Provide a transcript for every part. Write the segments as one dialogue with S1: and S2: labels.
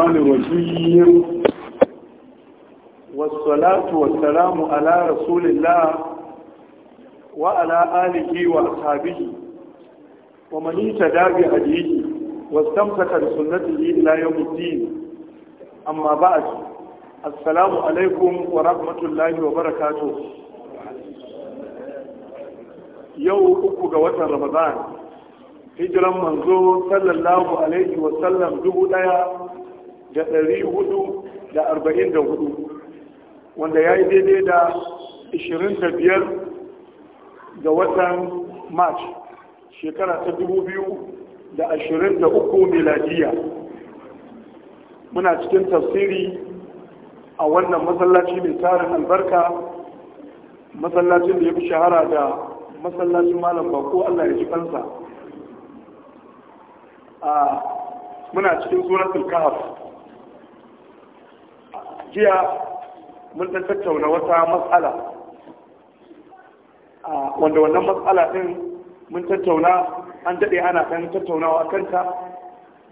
S1: الرحمن الرحيم
S2: والصلاة والسلام على رسول الله وعلى آله وأصحابه ومن اهتدى بهديه واستمسك بسنته إلى يوم الدين أما بعد السلام عليكم ورحمة الله وبركاته يوم أكو جوات رمضان هجرا manzo صلى الله عليه وسلم daya da ɗari hudu da arba'in da hudu wanda ya yi daidai da ishirin da biyar ga watan march shekara ta dubu biyu da ashirin da uku miladiya muna cikin tafsiri a wannan masallaci mai tarin albarka masallacin da ya fi shahara da masallacin malam bako allah ya ji kansa muna cikin tsoron tulkahar jiya mun ɗan tattauna wata matsala wanda wannan matsala din mun tattauna an daɗe ana ɗan tattaunawa kanta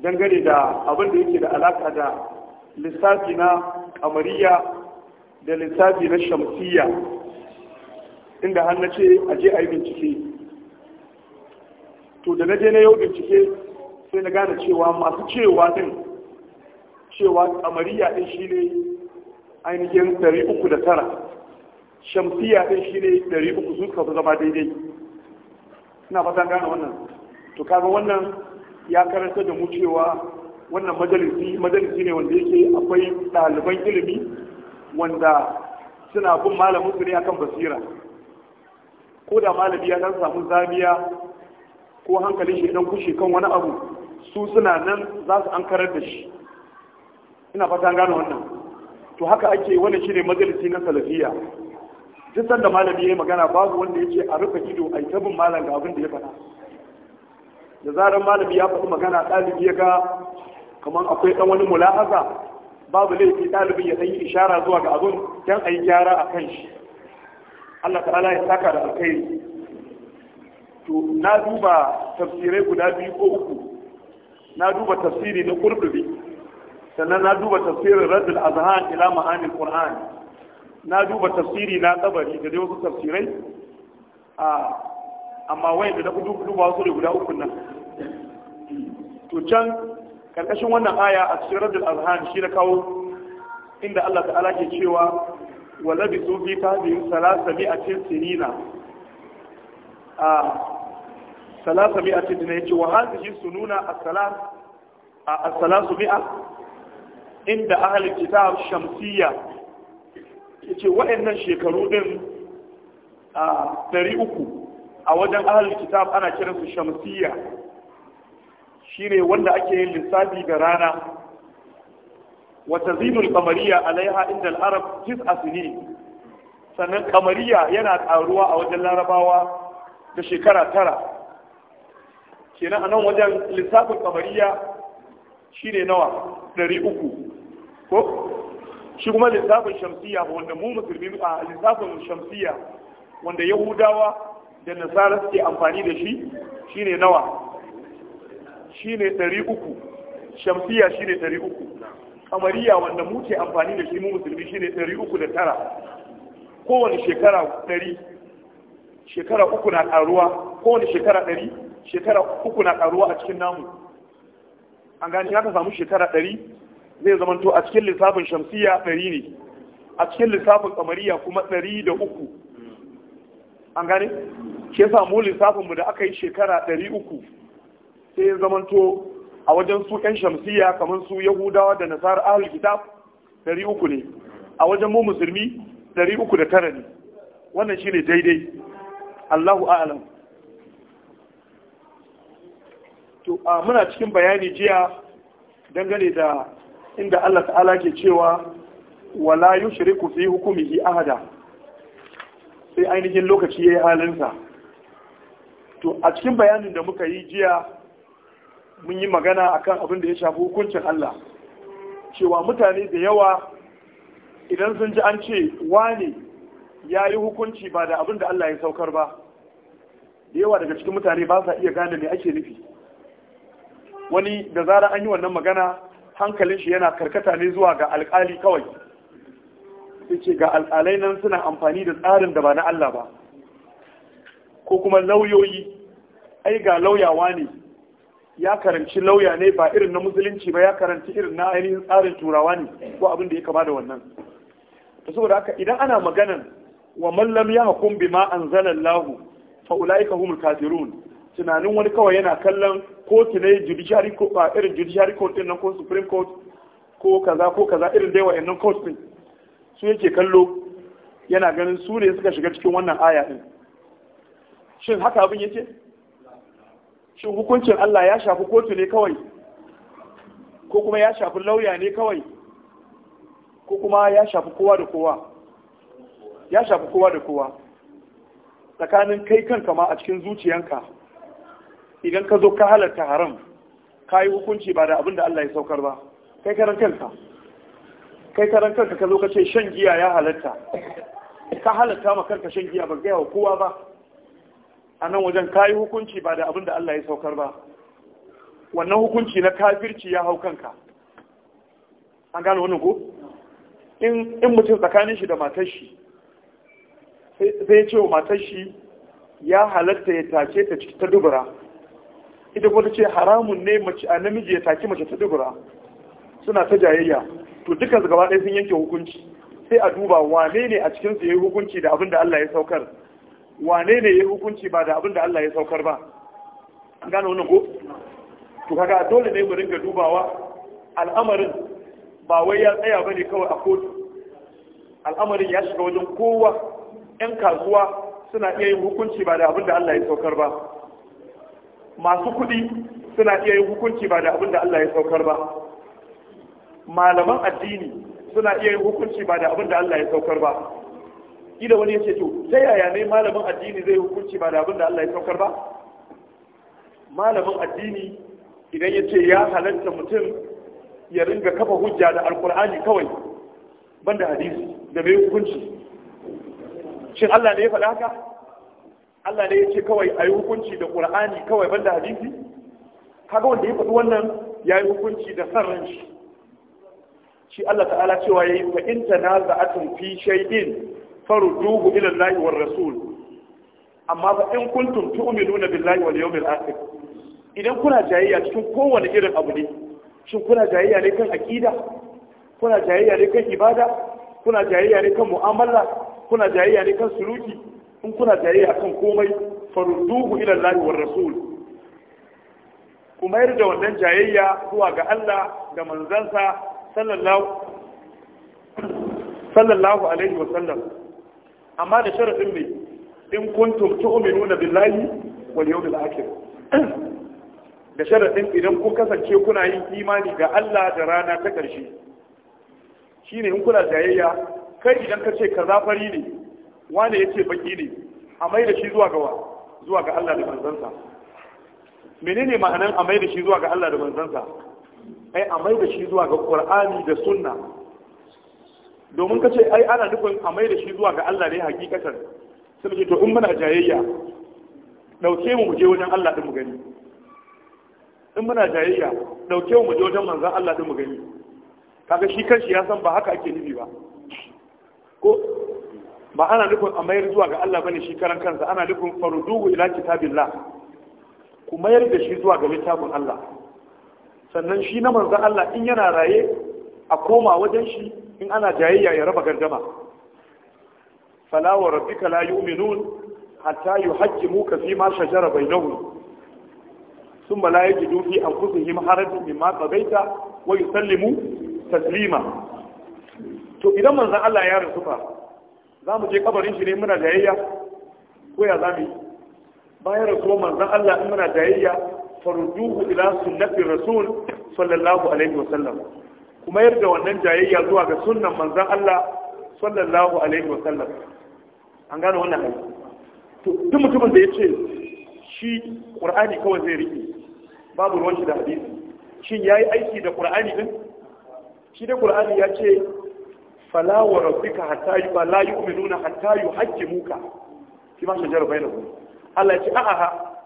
S2: dangane da abin da yake da alaƙa da lissafi na kamariya da lissafi na shamsiya inda har na ce a je a yi bincike to da na je na yau bincike sai na gane cewa masu cewa din cewa kamariya din shine ainihin 309 shamfiya ɗin shi ne 300 sun kasu zama daidai ina fatan gane wannan to kaga wannan ya karanta da mu cewa wannan majalisi majalisi ne wanda yake akwai ɗaliban ilimi wanda suna bin malamin su ne akan basira ko da malami ya dan samu zamiya ko hankali shi dan kushe kan wani abu su suna nan za su an karar da shi ina fatan gane wannan to haka ake shi ne majalisi na salafiya duk sanda malami yayi magana babu wanda ya ce a rufe ido ai tabin malam ga abin da ya faɗa da zarar malami ya faɗi magana ɗalibi ya ga kamar akwai ɗan wani mula'aza babu laifi ɗalibin ya ɗan yi ishara zuwa ga abin don a yi gyara a kan shi Allah ta'ala ya saka da alkhairi to na duba tafsirai guda biyu ko uku na duba tafsiri na kurdubi sannan na duba tafsirin radul azhan ila ma'anil qur'an na duba tafsiri na tabari da dai wasu tafsirai a amma wayanda da kudu duba wasu da guda uku nan to can karkashin wannan aya a cikin radul azhan shi da kawo inda Allah ta'ala ke cewa wa labisu fi tabi'in salasa mi'atin sinina a salasa mi'atin ne yace wa hadhihi sununa as-salas as-salasu mi'a inda ahalin kitab shamsiyya ya waɗannan shekaru din a ɗari uku a wajen ahalin kitab ana kiransu shamsiyya shi ne wanda ake yin lissafi da rana wata zinul kamariya alaiha inda al'arab tis asini sannan kamariya yana ƙaruwa a wajen larabawa da shekara tara kenan a nan wajen lissafin kamariya shi ne nawa ɗari uku ko shi kuma lissafin shamsiya wanda mu musulmi a lissafin shamsiya wanda yahudawa da nasara suke amfani da shi shi ne nawa shi ne ɗari uku shamsiya shi ne ɗari uku kamariya wanda mu ce amfani da shi mu musulmi shi ne ɗari uku da tara kowane shekara ɗari shekara uku na ƙaruwa kowane shekara ɗari shekara uku na ƙaruwa a cikin namu an gani ya ka samu shekara ɗari zai zamanto a cikin lissafin shamsiya ɗari ne a cikin lissafin kamariya kuma ɗari da uku an gani ke samu lissafinmu da aka yi shekara ɗari uku sai ya zamanto a wajen su ƴan shamsiya kamar su yahudawa da nasarar ahul kitab ɗari uku ne a wajen mu musulmi ɗari uku da tara ne wannan shi ne daidai allahu a'alam to a muna cikin bayani jiya dangane da inda Allah ta'ala ke cewa wala yushriku fi hukumihi ahada sai ainihin lokaci yayi halinsa to a cikin bayanin da muka yi jiya mun yi magana akan abin da ya shafi hukuncin Allah cewa mutane da yawa idan sun ji an ce wane ya yi hukunci ba da abin da Allah ya saukar ba da yawa daga cikin mutane ba sa iya gane me ake nufi wani da zara an yi wannan magana hankalin shi yana karkata ne zuwa ga alkali kawai yake ga alkalai nan suna amfani da tsarin da ba na Allah ba ko kuma lauyoyi ai ga lauyawa ne ya karanci lauya ne ba irin na musulunci ba ya karanci irin na ainihin tsarin turawa ne ko abin da ya kama da wannan to saboda haka idan ana maganan wa man lam yahkum bima anzalallahu fa ulaika humul kafirun tunanin wani kawai yana kallon kotu na judiciary ko ba irin judiciary court din nan ko supreme court ko kaza ko kaza irin dai wa'annan court din su yake kallo yana ganin su ne suka shiga cikin wannan aya din shin haka abin yake shin hukuncin Allah ya shafi kotu ne kawai ko kuma ya shafi lauya ne kawai ko kuma ya shafi kowa da kowa ya shafi kowa da kowa tsakanin kai kanka ma a cikin zuciyanka idan ka zo ka halarta haram ka yi hukunci ba da abin da Allah ya saukar ba kai karan kanka kai karan kanka ka zo ka ce shan giya ya halarta ka halarta ma kanka shan giya ba gaya wa kowa ba a nan wajen ka yi hukunci ba da abin da Allah ya saukar ba wannan hukunci na kafirci ya hau kanka an gane wani ko in mutum tsakanin shi da matar shi sai ya ce wa matar shi ya halatta ya tace ta ta dubura idan wata ce haramun ne mace a namiji ya taki mace ta dubura suna ta jayayya to dukkan su gaba ɗaya sun yanke hukunci sai a duba wane ne a cikin su yayi hukunci da abin da Allah ya saukar wane ne yayi hukunci ba da abin da Allah ya saukar ba an gane wannan ko to kaga dole ne mu ringa dubawa al'amarin ba wai ya tsaya bane kawai a kotu al'amarin ya shiga wajen kowa 'yan kasuwa suna iya yin hukunci ba da abin da Allah ya saukar ba masu kuɗi suna iya yin hukunci ba da abin da Allah ya saukar ba malaman addini suna iya yin hukunci ba da abin da Allah ya saukar ba ida wani ya ce to ta yaya ne malamin addini zai hukunci ba da abin da Allah ya saukar ba malamin addini idan ya ce ya halatta mutum ya ringa kafa hujja da alkur'ani kawai banda hadisi da bai hukunci shin Allah ne ya faɗa haka Allah ne ya ce kawai a yi hukunci da ƙur'ani kawai banda hadisi kaga wanda ya faɗi wannan ya yi hukunci da san ran shi shi Allah ta'ala cewa ya yi fa in tanaza'atum fi shay'in farudduhu ila Allah war rasul amma fa in kuntum tu'minuna billahi wal yawmil akhir idan kuna jayayya cikin kowane irin abu ne shin kuna jayayya ne kan aqida kuna jayayya ne kan ibada kuna jayayya ne kan mu'amala kuna jayayya ne kan suluki in kuna tare kan komai farduhu ila Allah war Ku mayar da wannan jayayya zuwa ga Allah da manzansa sallallahu sallallahu alaihi wa sallam amma da sharaɗin ne in kuntum tu'minuna billahi wal yawmil akhir da sharadin idan kun kasance kuna yin imani ga Allah da rana ta ƙarshe shine in kuna jayayya kai idan ka ce kaza ne wane ya ce baki ne a mai da shi zuwa ga zuwa ga Allah da manzansa menene ma'anan a mai da shi zuwa ga Allah da manzansa ai a mai da shi zuwa ga Qur'ani da Sunna domin kace ai ana nufin a mai da shi zuwa ga Allah ne hakikatan sai muke to in muna jayayya dauke mu je wajen Allah din mu gani in muna jayayya dauke mu je wajen manzon Allah din mu gani kaga shi kanshi ya san ba haka ake nufi ba ko ba ana nufin a mayar zuwa ga Allah bane shi karan kansa ana nufin farduhu ila kitabillah ku mayar da shi zuwa ga littafin Allah sannan shi na manza Allah in yana raye a koma wajen shi in ana jayayya ya raba gardama fala wa rabbika la yu'minun hatta yuhajjimuka fi ma shajara bainahum thumma la yajidu fi anfusihim harajan mimma qadaita wa yusallimu taslima to idan manzon Allah ya rasu fa za mu je kabarin shi ne muna jayayya ko ya zami bayan rasuwa manzan Allah in muna jayayya farduhu ila sunnatin rasul sallallahu alaihi wa sallam kuma yarda wannan jayayya zuwa ga sunnan manzan Allah sallallahu alaihi wa sallam an gane wannan hadisi to duk mutumin da ya ce shi qur'ani kawai zai rike babu ruwan shi da hadisi shin yayi aiki da qur'ani din shi da qur'ani ya ce fala wa rabbika hatta yu la yu'minuna hatta yuhaqqimuka shi ma shajara bainahu Allah ya ce a'a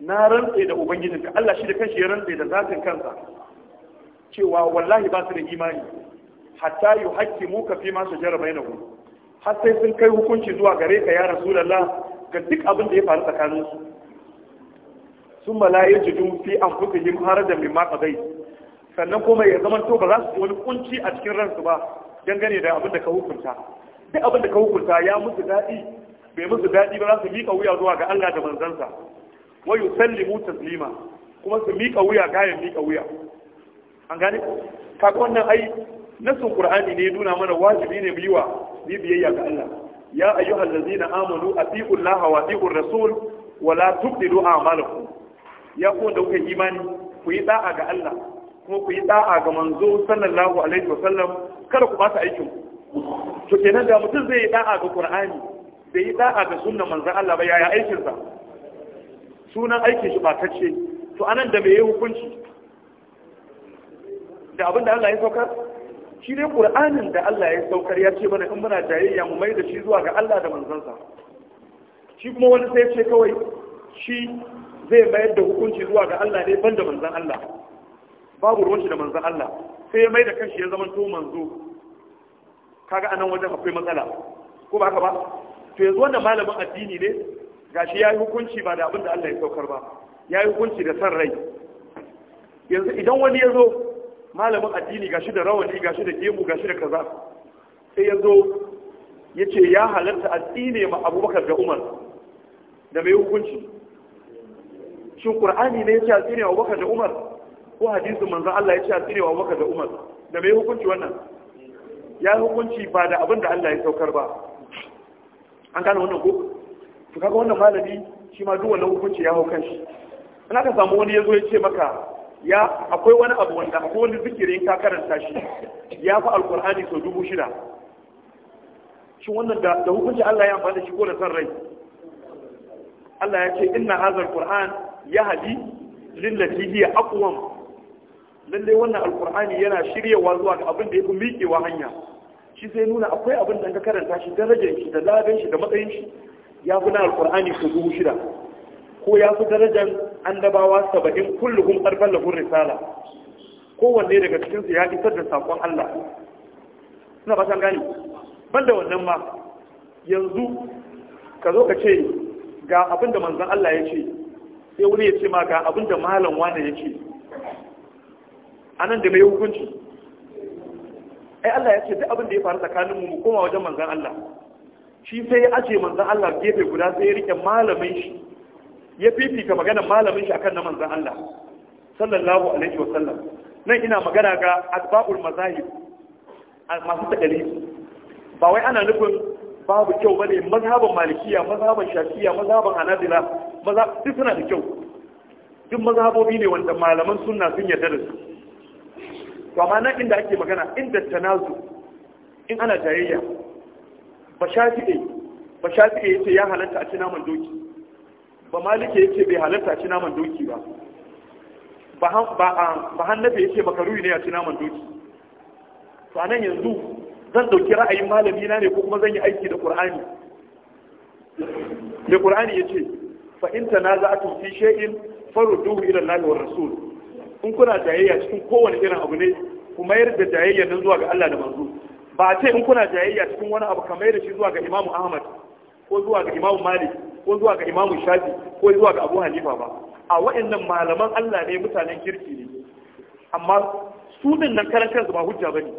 S2: na rantsa da ubangijinka Allah shi da kanshi ya rantsa da zatin kansa cewa wallahi ba su da imani hatta muka, fi ma shajara bainahum har sai sun kai hukunci zuwa gare ka ya rasulullah ga duk abin da ya faru tsakanin su sun malaye jidu fi an kuka yi har da mai matsadai sannan kuma ya zama to ba za su wani kunci a cikin ransu ba dangane da abin da ka hukunta duk abin da ka hukunta ya musu daɗi bai musu daɗi ba za su miƙa wuya zuwa ga Allah da manzansa wa yusallimu taslima kuma su miƙa wuya gayan miƙa wuya an gane kaga wannan ai nasin qur'ani ne nuna mana wajibi ne mu yi wa mu biyayya ga Allah ya ayyuhal ladzina amanu atiqu Allah wa atiqu rasul wa la tubdilu a'malakum ya ku da kuke imani ku yi da'a ga Allah kuma ku yi da'a ga manzo sallallahu alaihi wasallam kada ku bata aikin to kenan da mutum zai yi da'a ga qur'ani bai yi da'a ga sunnan manzon Allah ba yaya aikin sa sunan aikin shi batacce to anan da me yi hukunci da abin da Allah ya saukar shi ne qur'anin da Allah ya saukar ya ce mana in muna jayayya mu mai da shi zuwa ga Allah da manzon sa shi kuma wani sai ce kawai shi zai mayar da hukunci zuwa ga Allah ne banda manzon Allah babu ruwan shi da manzon Allah sai ya mai da kanshi ya zama to manzo kaga anan wajen akwai matsala ko ba haka ba to yanzu wannan malamin addini ne gashi ya yi hukunci ba da abin da Allah ya saukar ba Ya yi hukunci da san rai yanzu idan wani ya zo malamin addini gashi da rawani gashi da gemu gashi da kaza sai ya zo ya ce ya halatta addini ma abubakar da umar da mai hukunci shin qur'ani ne ya ce addini ma abubakar da umar ko hadisin manzo Allah ya ce a tsirewa maka da Umar da mai hukunci wannan ya hukunci ba da abin da Allah ya saukar ba an kana wannan ko to kaga wannan malami shi ma duk wannan hukunci ya haukan shi in aka samu wani zo ya ce maka ya akwai wani abu wanda akwai wani in ka karanta shi ya fi alkur'ani sau dubu shida shi wannan da hukunci Allah ya amfani shi ko da san rai Allah ya ce inna hazar qur'an ya hadi lillati hiya aqwam lallai wannan alkur'ani yana shiryawa zuwa ga abin da ya fi miƙewa hanya shi sai nuna akwai abin da ka karanta shi darajar shi da ladan shi da matsayin shi ya fi na alkur'ani su dubu shida ko ya fi darajar annabawa saba'in kulluhum arban lahun risala kowanne daga cikinsu ya isar da saƙon allah suna ba san gani banda wannan ma yanzu ka zo ka ce ga abin da manzon allah ya ce sai wani ya ce ma ga abin da malam wani ya ce anan da mai hukunci ai Allah ya ce duk abin da ya faru tsakaninmu mu koma wajen manzan Allah shi sai ya ace manzan Allah gefe guda sai ya rike malamin shi ya fifita maganar malamin shi akan na manzan Allah sallallahu alaihi wasallam nan ina magana ga asbabul mazahib masu takalifi ba wai ana nufin babu kyau bane mazhaban malikiya mazhaban shafiya mazhaban hanabila mazhab duk suna da kyau duk mazhabobi ne wanda malaman sunna sun yarda da su to amma nan inda ake magana inda tanazu in ana tarayya ba shafi'e ba shafi'e yace ya halatta a ci naman doki ba malike yace bai halatta a ci naman doki ba ba ah, nabi yace makaruhi ne a ci naman doki to anan yanzu zan dauki ra'ayin malami na ne ko kuma zan yi aiki da qur'ani da qur'ani yace fa in tanaza'tum fi shay'in farudduhu ila Allah wa rasul in kuna jayayya cikin kowane irin abu ne ku mayar da jayayya nan zuwa ga Allah da manzo ba a ce in kuna jayayya cikin wani abu ka mayar da shi zuwa ga Imam Ahmad ko zuwa ga Imam Malik ko zuwa ga Imam Shafi ko zuwa ga Abu Hanifa ba a waɗannan malaman Allah ne mutanen kirki ne amma su din nan karan kansu ba hujja bane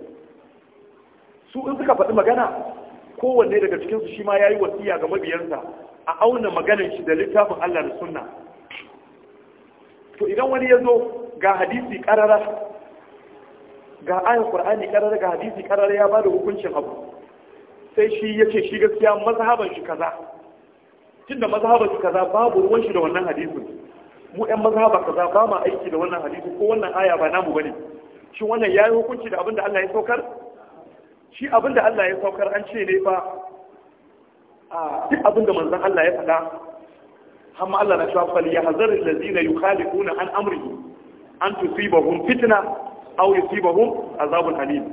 S2: su in suka faɗi magana kowanne daga cikinsu shi ma yayi wasiya ga mabiyansa a auna maganar shi da littafin Allah da sunna to idan wani ya zo ga hadisi karara ga ayan qur'ani karar ga hadisi karar ya bada hukuncin abu sai shi yace shi gaskiya mazhaban shi kaza tunda mazhaban shi kaza babu ruwan shi da wannan hadisin mu ɗan mazhaba kaza ba ma aiki da wannan hadisi ko wannan aya ba namu bane shi wannan yayi hukunci da abinda Allah ya saukar shi abinda Allah ya saukar an ce ne ba a duk abinda manzon Allah ya faɗa amma Allah na shafa fal yahzar allazina yukhalifuna an amrihi an tusibahum fitna aw yusibahum azabun alim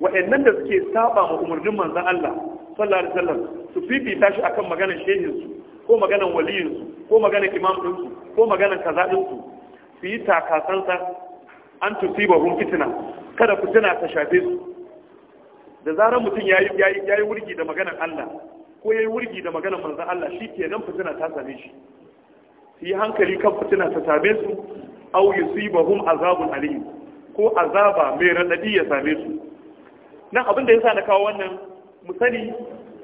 S2: wa'annan da suke saba ma umarnin manzon Allah sallallahu alaihi wasallam su fifita shi akan maganar shehin su ko maganar waliyin su ko maganar imam din su ko maganar kaza din su su yi takasansa an tusibahum fitna kada fitina ta shafe su da zarar mutum yayi yayi yayi wurgi da maganar Allah ko yayi wurgi da maganar manzon Allah shi ke nan fitina ta same shi su yi hankali kan fitina ta same su aw yusibahum azabun alim ko azaba mai raɗaɗi ya same su nan abin da ya sa na kawo wannan mu sani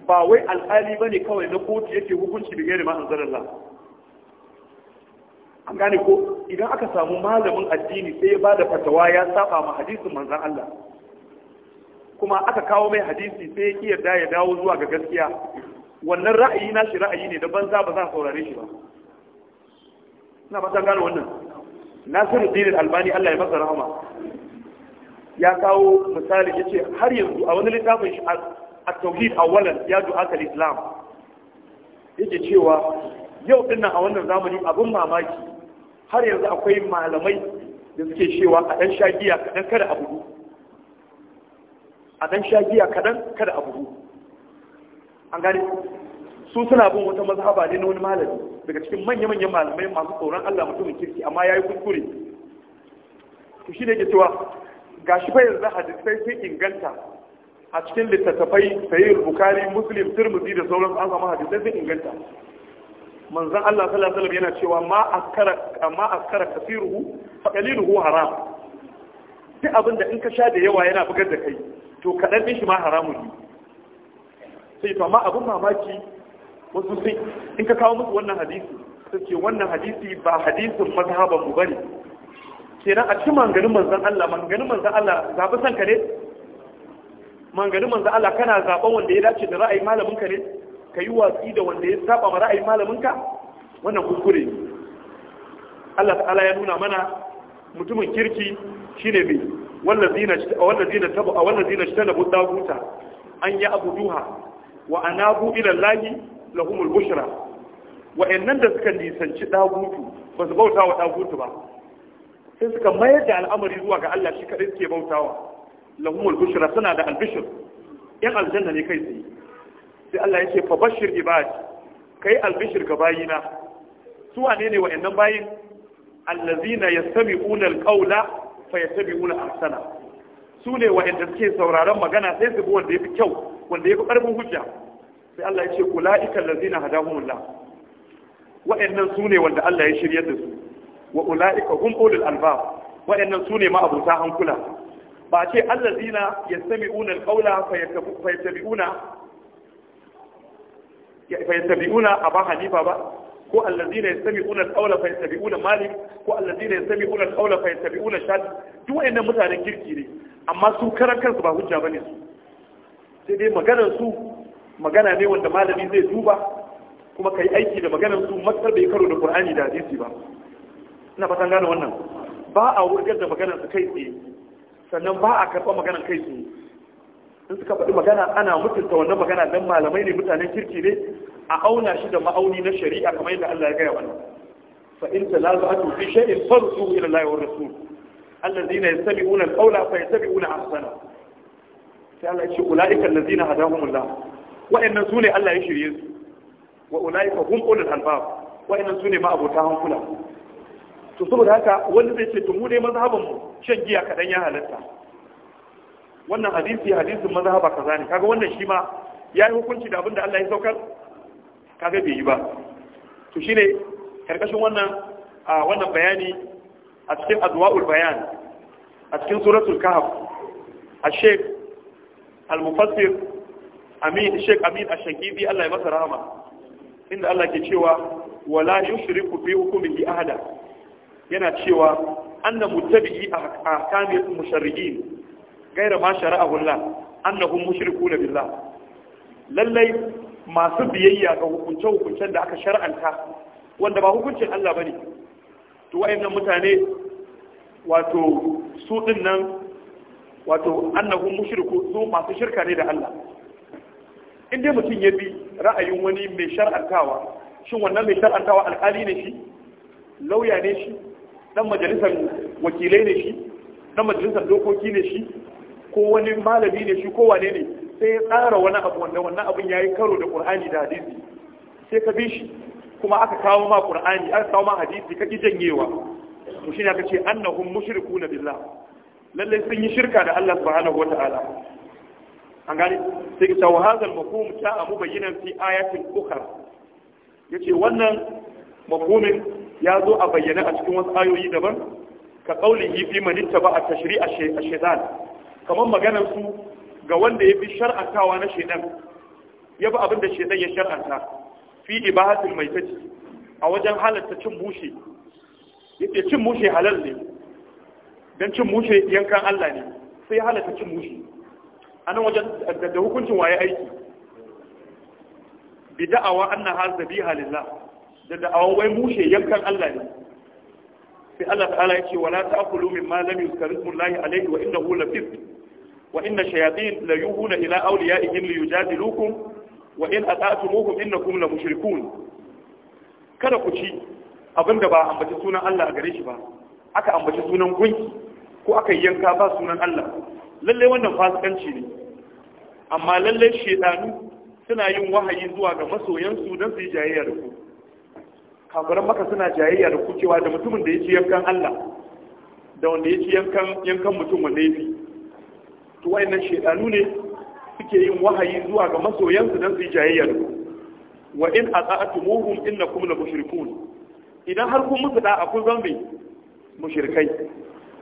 S2: ba wai alƙali ba ne kawai na kotu yake hukunci da gari ma'an la an gane ko idan aka samu malamin addini sai ya ba da fatawa ya saba ma hadisin manzan Allah kuma aka kawo mai hadisi sai ya yarda ya dawo zuwa ga gaskiya wannan ra'ayi na shi ra'ayi ne da banza ba za a saurare shi ba ina ba ta gane wannan nasiruddin albani Allah ya masa rahama ya kawo misali yace har yanzu a wani littafin shi a tauhid awalan ya du'a al-islam yake cewa yau dinnan a wannan zamani abin mamaki har yanzu akwai malamai da suke cewa a dan shagiya kadan kada abu a dan shagiya kadan kada abu an gane su suna bin wata mazhaba ne na wani malami daga cikin manya-manyan malamai masu tsoron Allah mutumin kirki amma ya yi kuskure to shi ne ke cewa ga shi fa yanzu hadisai sai inganta a cikin littattafai sayi bukari muslim turmuzi da sauran an zama hadis sai inganta Manzan Allah sallallahu alaihi yana cewa ma askara ma askara kasiruhu fa qaliluhu haram duk abin in ka sha da yawa yana bugar da kai to kaɗan din shi ma haramun ne sai to ma abin mamaki wasu sai in ka kawo musu wannan hadisi su ce wannan hadisi ba hadisin mazhaban mu bane kenan a cikin manganin manzon Allah manganin manzon Allah zabi san ka ne manganin manzon Allah kana zaben wanda ya dace da ra'ayin malamin ka ne ka yi watsi da wanda ya saba ma ra'ayin malamin ka wannan kuskure ne Allah ta'ala ya nuna mana mutumin kirki shine mai wallazina wallazina tabu wallazina shtanabu daguta an abuduha wa anabu ila Allah al bushra wa'annan da suka nisanci dagutu ba su bauta wa dagutu ba sai suka mayar da al'amari zuwa ga Allah shi kadai suke bautawa al bushra suna da albishir yan aljanna ne kai tsaye sai Allah ya fa bashir ibad kai albishir ga bayina su wane ne wa'annan bayin allazina yastami'una al fa yattabi'una ahsana su ne wa'anda suke sauraron magana sai su bi wanda yafi kyau wanda yafi karfin hujja sai Allah ya ce ula'ikal ladzina hadahumullah wa'annan sune wanda Allah ya shiryar da su wa ula'ika hum ulul albab wa'annan sune ma abuta hankula ba ce allazina yastami'una alqawla fayattabi'una fayattabi'una aba hanifa ba ko allazina yastami'una alqawla fayattabi'una malik ko allazina yastami'una alqawla fayattabi'una shad duk wa'annan mutanen kirki ne amma su karan kansu ba hujja bane su sai dai maganar su magana ne wanda malami zai duba kuma ka yi aiki da maganar su matsar bai karo da qur'ani da hadisi ba ina fatan gane wannan ba a wurgar da maganar su kai tsaye sannan ba a karɓar maganar kai tsaye in suka faɗi magana ana mutunta wannan magana don malamai ne mutanen kirki ne a auna shi da ma'auni na shari'a kamar yadda Allah ya gaya mana fa in atu fi shay'in farsu ila Allah wa rasul alladhina yastami'una al-qawla fa yattabi'una ahsana sai Allah ya ce ulaika allazina hadahumullah waɗannan su ne Allah ya shirye su wa ulai fa hum ulul albab waɗannan su ne ma'abota hankula to saboda haka wanda zai ce to mu dai mazhaban mu shan giya kadan ya halatta wannan hadisi hadisin mazhaba kaza ne kaga wannan shi ma yayi hukunci da abinda Allah ya saukar kaga bai yi ba to shine karkashin wannan a wannan bayani a cikin adwaul bayan a cikin suratul kahf a sheikh al-mufassir amin sheik amin ashakidi Allah ya masa rahama inda Allah ke cewa wala yushriku fi hukmihi ahada yana cewa anna muttabi'i ahkami musharri'in gaira ma shara'ahu Allah annahum mushrikuna billah lallai masu biyayya ga hukunce-hukuncen da aka shar'anta wanda ba hukuncin Allah bane to wayannan mutane wato su din nan wato annahum mushriku su masu shirka ne da Allah in dai mutum ya bi ra'ayin wani mai shar'antawa shin wannan mai shar'antawa alƙali ne shi lauya ne shi dan majalisar wakilai ne shi dan majalisar dokoki ne shi ko wani malami ne shi ko wane ne sai ya tsara wani abu wanda wannan abin ya yi karo da ƙur'ani da hadisi sai ka bi shi kuma aka kawo ma ƙur'ani aka kawo ma hadisi ka ƙi janyewa to shi ne aka ce annahum na billah lallai sun yi shirka da Allah subhanahu ta'ala an gane sai ta wa hazal mafhum ta abu bayyinan fi ayatin ukhra yace wannan makumin ya zo a bayyana a cikin wasu ayoyi daban ka qaulihi fi man ittaba at-tashri' ash-shaytan kamar maganar su ga wanda ya bi shar'antawa na shaytan ya bi abin da shaytan ya shar'anta fi ibahatul maitati a wajen halatta cin mushe yace cin mushe halal ne dan cin mushe yankan Allah ne sai halatta cin mushe a nan wajen da hukuncin waye aiki bi da'awa na har zabiha halilla da da'awa wai mushe yankan Allah ne sai Allah ta'ala ya ce malamin ta'kulu mimma lam yuzkar ismullahi alayhi wa innahu lafisq wa inna shayatin la yuhuna ila awliyaihim li yujadilukum wa in ata'tumuhum innakum la mushrikun kada ku ci abinda ba ambaci sunan Allah a gare shi ba aka ambaci sunan gunki ko aka yanka ba sunan Allah lalle wannan fasikanci ne amma lalle shedanu suna yin wahayi zuwa ga masoyansu don su yi jayayya da ku kafiran maka suna jayayya da ku cewa da mutumin da ya ci yankan Allah da wanda ya ci yankan mutum wanda ya fi to wayannan shedanu ne suke yin wahayi zuwa ga masoyansu don su yi jayayya da ku wa in ata'atumuhum innakum la mushrikun idan har kun musu da kun zambe mushrikai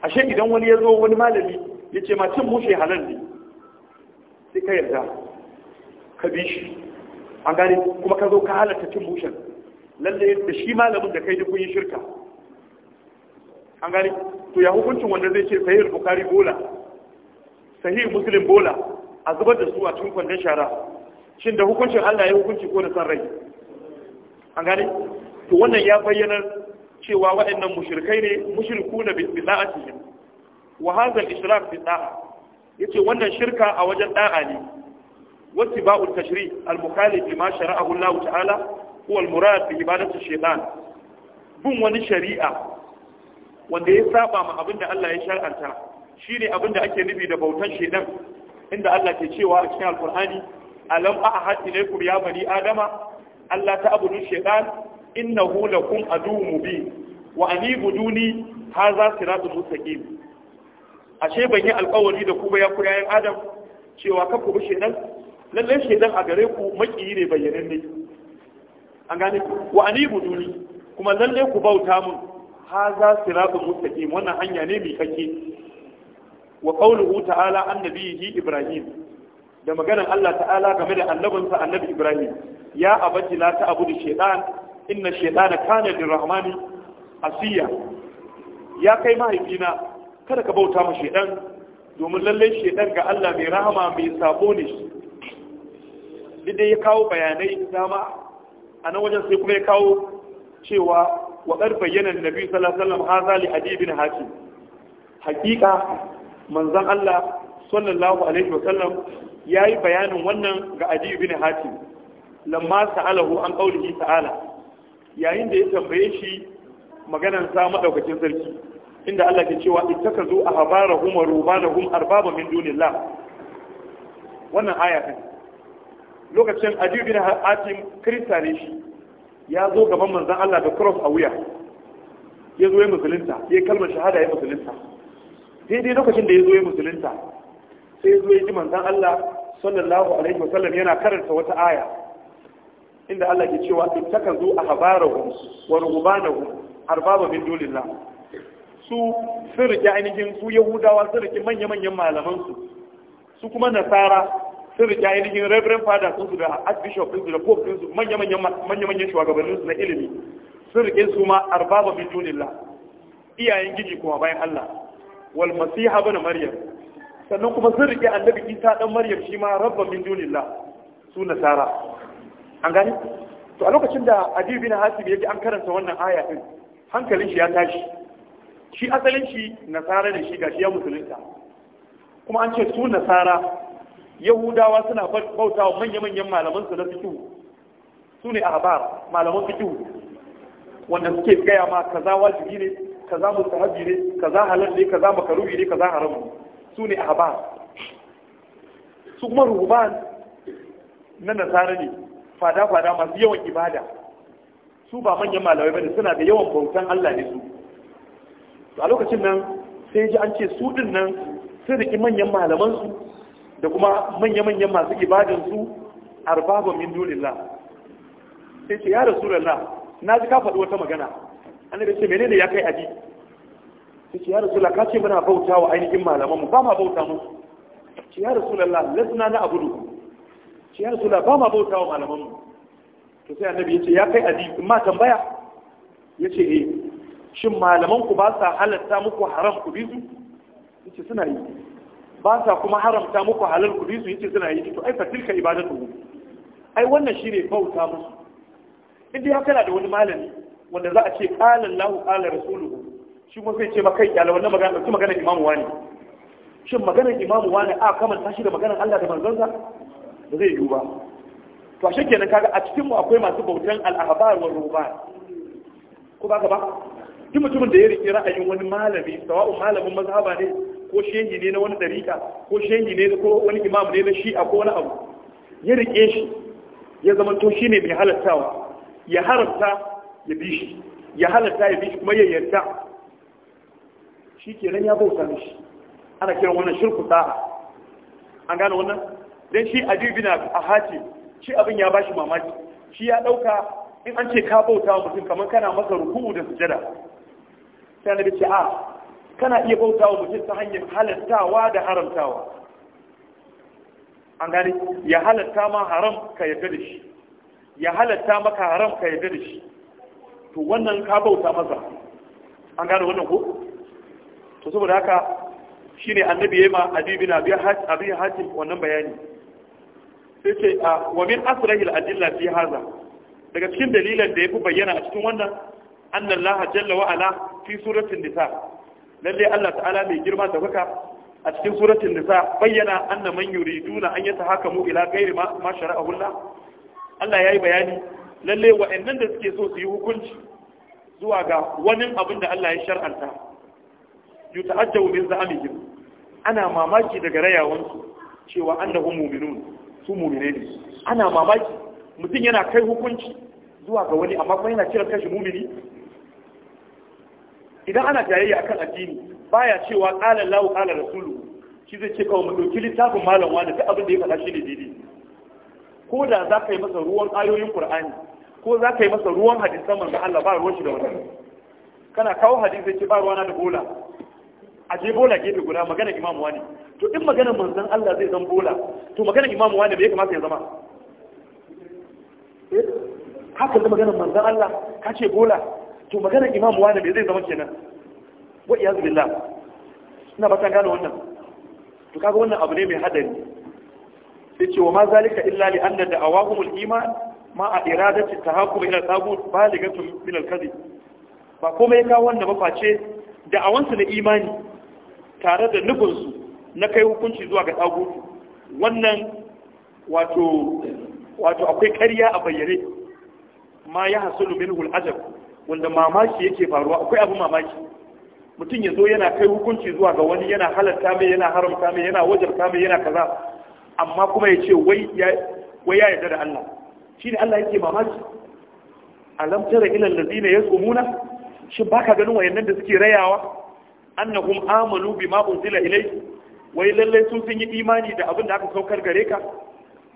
S2: ashe idan wani ya zo wani malami ya ce ma cin mushe halal ne sai ka yarda ka bi shi an gane kuma ka zo ka halatta cin mushen lalle da shi malamin da kai duk kun yi shirka an gane to ya hukuncin wanda zai ce sahih bukari bola sahih muslim bola a zubar da su a cikin kwandon shara shin da hukuncin Allah ya hukunci ko da san rai an gane to wannan ya bayyana cewa waɗannan mushrikai ne mushriku na bid'atihim wa hadha al-ishraq fi da'a yace wannan shirka a wajen da'a ne واتباع التشريع المخالف Allah Ta'ala, الله تعالى هو المراد بعبادة الشيطان bin wani shari'a wanda ya saba ma abinda Allah ya shar'anta shine abinda ake nufi da bautan shedan inda Allah ke cewa a cikin alkur'ani alam ahad ilaykum ya bani adama Allah ta'budu shaytan innahu lakum aduwwun mubin wa anibuduni hadha siratun mustaqim ashe ban yi alkawari da ku ba ya kuya yan adam cewa ka ku bi shedan lallai shedan a gare ku makiyi ne bayyanan ne an gane wa ani buduni kuma lallai ku bauta mun haza siratun mustaqim wannan hanya ne mai kake wa qauluhu ta'ala annabihi ibrahim da maganar Allah ta'ala game da annabinsa annabi ibrahim ya abaji la ta'budu shaytan inna shaytana kana lirrahmani asiya ya kai mahaifina kada ka bauta ma shedan domin lallai shedan ga Allah mai rahama mai sabo ne dai ya kawo bayanai dama a nan wajen sai kuma ya kawo cewa wa kar bayyana nabi sallallahu alaihi zali hadha li adi bin manzon Allah sallallahu alaihi wasallam yayi bayanin wannan ga adi bin lamma sa'alahu an qaulihi ta'ala yayin da ya tambaye shi maganar sa madaukakin sarki inda Allah ke cewa zo a habara huma wa rubanahum arbaba min dunillah wannan aya ne lokacin Adi bin Hatim kirista ne shi ya zo gaban manzon Allah da cross a wuya ya zo ya musulunta ya kalmar shahada ya musulunta daidai lokacin da ya zo ya musulunta sai ya zo ya ji manzon Allah sallallahu alaihi wasallam yana karanta wata aya inda Allah ke cewa zo a habara ahbarahum wa rubanahum arbaba min dunillah su sun rike ainihin su yahudawa sun rike manya-manyan malamansu su kuma nasara sun rike ainihin reverend father sun su da archbishop din su da pope din su manya-manyan shugabannin su na ilimi sun rike su ma arbaba min junilla iyayen gini kuma bayan Allah wal masiha bana maryam sannan kuma sun rike annabi isa dan maryam shi ma rabba bin junilla su nasara an gani to a lokacin da adib bin hasib yake an karanta wannan aya din hankalin shi ya tashi shi asalin shi nasara ne shi shi ya musulunta kuma an ce su nasara yahudawa suna bauta wa manya-manyan malamansu na fikihu su ne habar malaman fikihu wanda suke gaya ma kaza wajibi ne kaza mustahabi ne za halar ne za makarubi ne za haramu su ne habar. su kuma ruban na nasara ne fada-fada masu yawan ibada su ba manyan malamai bane suna da yawan bautan Allah ne su a lokacin nan sai ji an ce su din nan da riki manyan malaman da kuma manya-manyan masu ibadansu, su arbabun min dunillah sai ce ya rasulullah na ji ka faɗi wata magana annabi ce menene ya kai aji sai ce ya rasulullah ka ce muna bauta wa ainihin malaman mu ba ma bauta mu ce ya rasulullah lasna na abudu ce ya rasulullah ba ma bauta wa malaman mu to sai annabi ya ce ya kai aji ma tambaya ya ce eh shin malaman ku ba sa halatta muku haram ku su yace suna yi ba sa kuma haramta muku halal ku su yace suna yi to ai fatilka ibadatu ai wannan shine bauta musu idan ya kana da wani malami wanda za a ce qala Allahu qala rasuluhu shi kuma zai ce maka yalla wannan magana ki magana imamu wani shin magana imamu wani a kamanta shi da maganar Allah da sa ba zai yiwu ba to a kenan kaga a cikin mu akwai masu bautan al-ahbar wa ruban ko ba ka ba duk mutumin da ya riƙe ra'ayin wani malami sawa'u malamin mazhaba ne ko shehi ne na wani dariƙa ko shehi ne ko wani imam ne na shi'a ko wani abu ya riƙe shi ya zama to shi ne mai halattawa ya haramta ya bi shi ya halatta ya bi shi kuma ya yarda shi kenan ya bauta mishi ana kiran wannan shirku sa'a an gane wannan dan shi ajibi na a hati shi abin ya bashi mamaki shi ya dauka in an ce ka bauta wa mutum kamar kana masa ruku'u da sujada sai annabi ce a ah, kana iya bautawa mutum ta hanyar halattawa da haramtawa an gani ya halatta ma haram ka yarda da shi ya halatta maka haram ka yarda da shi to wannan ka bauta masa an gane wannan ko to saboda haka shine annabi yayi ma adibi na biya abi hajj wannan bayani sai ce ah, wa min al adilla fi hadha daga cikin dalilan da yafi bayyana a cikin wannan anna Allah jalla wa ala fi suratul nisa lalle Allah ta'ala mai girma da baka a cikin suratul nisa bayyana anna man yuriduna an yatahakamu ila ghairi ma ma shara'ahu Allah Allah yayi bayani lalle wa'annan da suke so su yi hukunci zuwa ga wani abin da Allah ya shar'anta yuta'ajjabu min za'amihim ana mamaki daga rayawansu cewa annahum mu'minun su mu'mine ne ana mamaki mutum yana kai hukunci zuwa ga wani amma kuma yana cire kashi mumini idan ana jayayya akan addini baya cewa qala Allahu qala rasulu shi zai ce kawai mu dauki littafin malam wani duk abin da ya faɗa shi ne daidai ko da za ka yi masa ruwan ayoyin Qur'ani ko za ka yi masa ruwan hadisan manzo Allah ba ruwan shi da wannan kana kawo hadisi ce ba ruwana da bola a je bola gefe guda magana imamu wani to in magana manzon Allah zai zan bola to magana imamu wani bai kamata ya zama haka eh? da magana manzon Allah ka ce bola to maganar imam wani bai zai zama kenan wa iyaz billah ina ba ta gane wannan to kaga wannan abu ne mai hadari sai ce wa ma zalika illa li anna da'awahumul iman ma a iradati tahakkum ila tagut baligatun min al-kadhib ba komai ka wanda ba face da'awansu na imani tare da su na kai hukunci zuwa ga tagutu wannan wato wato akwai kariya a bayyane ma ya hasulu min ajab wanda mamaki yake faruwa akwai abu mamaki mutum ya zo yana kai hukunci zuwa ga wani yana halatta mai yana haramta mai yana wajarta mai yana kaza amma kuma ya ce wai ya yarda da Allah shi ne Allah yake mamaki alam tara ilal ladina yasumuna shi baka ganin wayannan da suke rayawa annahum amanu bima unzila ilayhi wai lallai sun sun yi imani da abin da aka saukar gare ka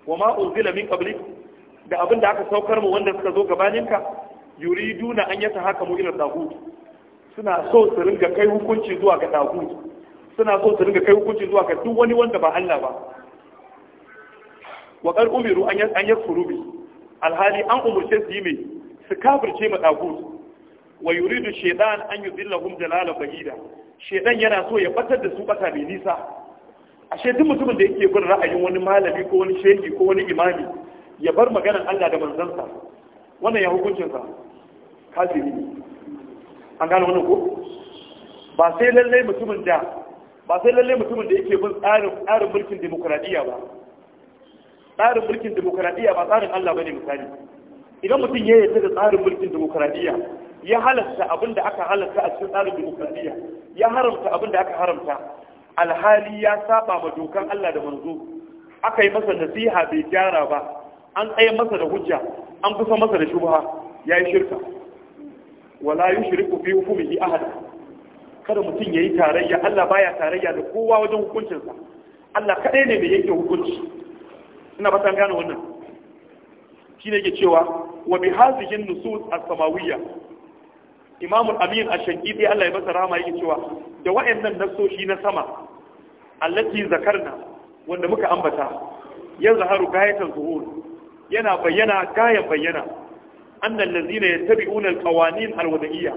S2: wa ma unzila min qablik da abin da aka saukar mu wanda suka zo gabaninka yuriduna an yata haka mu ila suna so su ringa kai hukunci zuwa ga tagut suna so su ringa kai hukunci zuwa ga duk wani wanda ba Allah ba wa qad umiru an an yakfuru bi alhali an umurce su yi mai su kafirce ma tagut wa yuridu shaytan an yudillahum dalala bahida shaytan yana so ya batar da su bata mai nisa ashe duk mutumin da yake bin ra'ayin wani malami ko wani shehi ko wani imami ya bar maganar Allah da manzansa wannan ya hukuncinsa kafiri an gane wannan ko ba sai lallai mutumin da ba sai lallai mutumin da yake bin tsarin tsarin mulkin demokradiyya ba tsarin mulkin demokradiyya ba tsarin Allah bane misali idan mutum ya yarda da tsarin mulkin demokradiyya ya halatta abin da aka halatta a cikin tsarin demokradiyya ya haramta abin da aka haramta alhali ya saba ma dokan Allah da manzo aka yi masa nasiha bai gyara ba an tsaye masa da hujja an kusa masa da shubha yi shirka wala yushriku fi hukmihi ahada kada mutum yayi tarayya Allah baya tarayya da kowa wajen hukuncinsa Allah kadai ne mai yake hukunci ina ba san gane wannan Shi shine yake cewa wa bi hazihin nusus as-samawiyya Imam al-Amin ash-Shankiti Allah ya masa rahama yake cewa da wa'annan nasoshi na sama allati zakarna wanda muka ambata ya zaharu gayatan zuhur yana bayyana gayan bayyana annal lazina yattabi'una alqawanin alwadiyya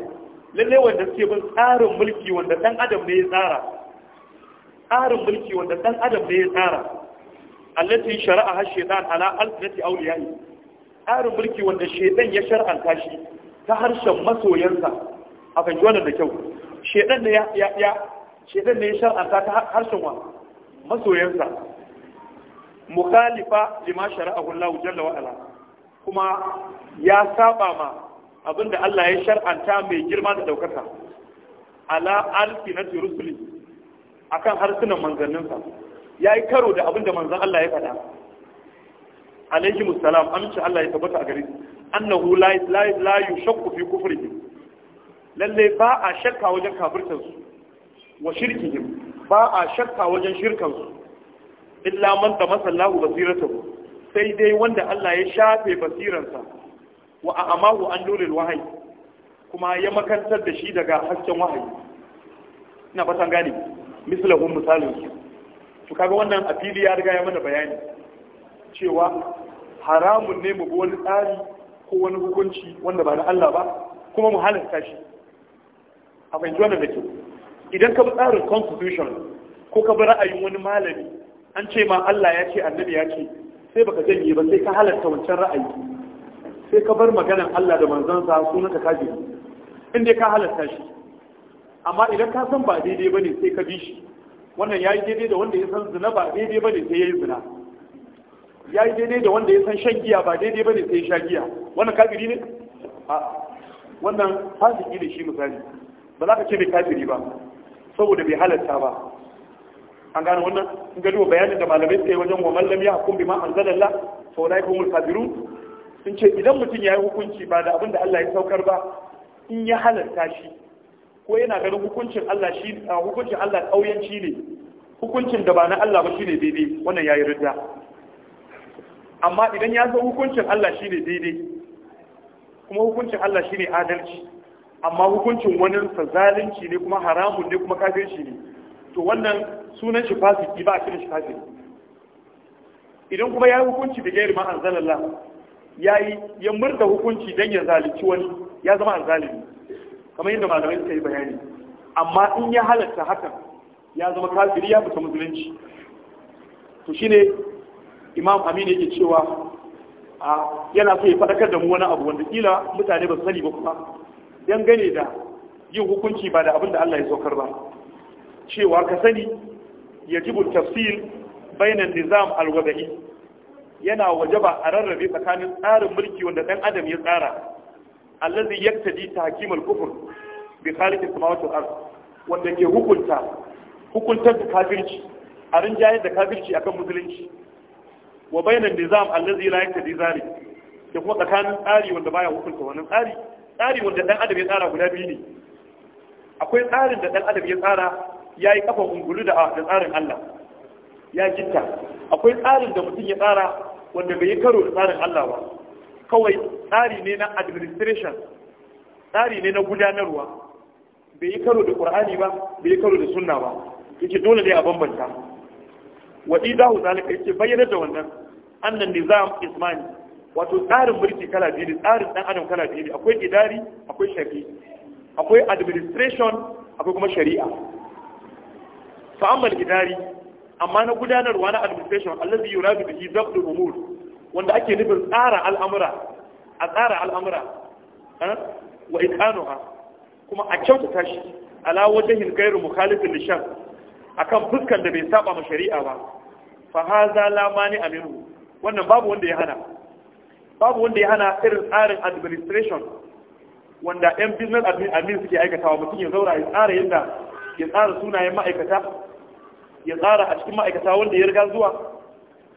S2: Lallai wanda suke bin tsarin mulki wanda dan adam ne ya tsara tsarin mulki wanda dan adam ne ya tsara allati shari'a har shaytan ala alfati awliyai tsarin mulki wanda shaytan ya shar'anta shi ta harshen masoyansa a kan wannan da kyau shaytan ne ya ya shaytan ne ya shar'anta ta harshen wa masoyansa mukhalifa lima shara'ahu Allah jalla wa ala kuma ya saba ma abinda Allah ya shar'anta mai girma da daukarsa ala alfinati rusuli akan harsunan manzanninsa ya yi karo da abinda manzan Allah ya faɗa alaihi musalam amince Allah ya tabbata a gare annahu la la yushakku fi kufrihi lalle ba a shakka wajen kafirtansu wa shirkihim ba a shakka wajen shirkansu illa man tamasa Allahu ba, sai dai wanda Allah ya shafe basiransa wa a'amahu an nuril wahayi kuma ya makantar da shi daga hasken wahayi ina san gane mislahu misalun to kaga wannan a ya riga ya mana bayani cewa haramun ne mu bi wani tsari ko wani hukunci wanda ba na Allah ba kuma mu halarta shi a fahimci da ke idan ka bi tsarin constitution ko ka bi ra'ayin wani malami an ce ma Allah ya ce annabi ya ce sai baka janye ba sai ka halarta wancan ra'ayi sai ka bar maganan Allah da manzansa sunanka kaje in dai ka halarta shi amma idan ka san ba daidai bane sai ka bi shi wannan yayi daidai da wanda ya san zina ba daidai bane sai yayi zina yayi daidai da wanda ya san shan giya ba daidai bane sai ya sha giya wannan kafiri ne a wannan fasiki da shi misali ba za ka ce mai kafiri ba saboda bai halarta ba an gano wannan in ga duba bayanin da malamai suka yi wajen wa mallam ya hukum ma anzalallah fa ulai humul kafirun sun ce idan mutum ya yi hukunci ba da abin da Allah ya saukar ba in ya halarta shi ko yana ganin hukuncin Allah shi hukuncin Allah kauyanci ne hukuncin da ba na Allah ba shine daidai wannan yayi ridda amma idan ya san hukuncin Allah shine daidai kuma hukuncin Allah shine adalci amma hukuncin wani sa zalunci ne kuma haramun ne kuma kafirci ne to wannan sunan shi fasiki ba a shi fasiki idan kuma ya yi hukunci da gairi ma anzalallah ya yi ya murda hukunci dan ya zalunci wani ya zama zalimi kamar yadda malamai suka yi bayani amma in ya halatta haka ya zama kafiri ya fita musulunci to shine imam aminu yake cewa a yana so ya faɗakar da mu wani abu wanda kila mutane ba su sani ba kuma dangane da yin hukunci ba da abin da Allah ya saukar ba cewa ka sani ya jibu tafsil bayanan nizam alwada'i yana wajaba a rarrabe tsakanin tsarin mulki wanda dan adam ya tsara allazi yaktadi ta al-kufr bi khaliq as-samawati wal wanda ke hukunta hukuntar da kafirci a rinjayar da kafirci akan musulunci wa bayanan nizam allazi la yaktadi zari da kuma tsakanin tsari wanda baya hukunta wannan tsari tsari wanda dan adam ya tsara guda biyu ne akwai tsarin da dan adam ya tsara ya yi kafa ungulu da tsarin Allah ya gitta akwai tsarin da mutum ya tsara wanda bai yi karo da tsarin Allah ba kawai tsari ne na administration tsari ne na gudanarwa bai yi karo da Qur'ani ba bai yi karo da sunna ba yake dole ne a bambanta wa idahu zalika yake bayyana da wannan annan nizam ismani wato tsarin mulki kala biyu ne tsarin dan adam kala biyu ne akwai idari akwai shafi akwai administration akwai kuma shari'a fa amma gidari amma na gudanarwa na administration allazi yuradu bihi zabdu umur wanda ake nufin tsara al'amura a tsara al'amura eh, wa ikanuha kuma a kyautata shi ala wajhin ghairu mukhalifin lishan akan fuskan da bai saba ma shari'a ba fa haza la mani aminu wannan babu wanda ya hana babu wanda ya hana irin tsarin administration wanda yan business admin suke aikatawa mutum ya zaura ya tsara yadda ya tsara sunayen ma'aikata ya tsara a cikin ma'aikata wanda ya riga zuwa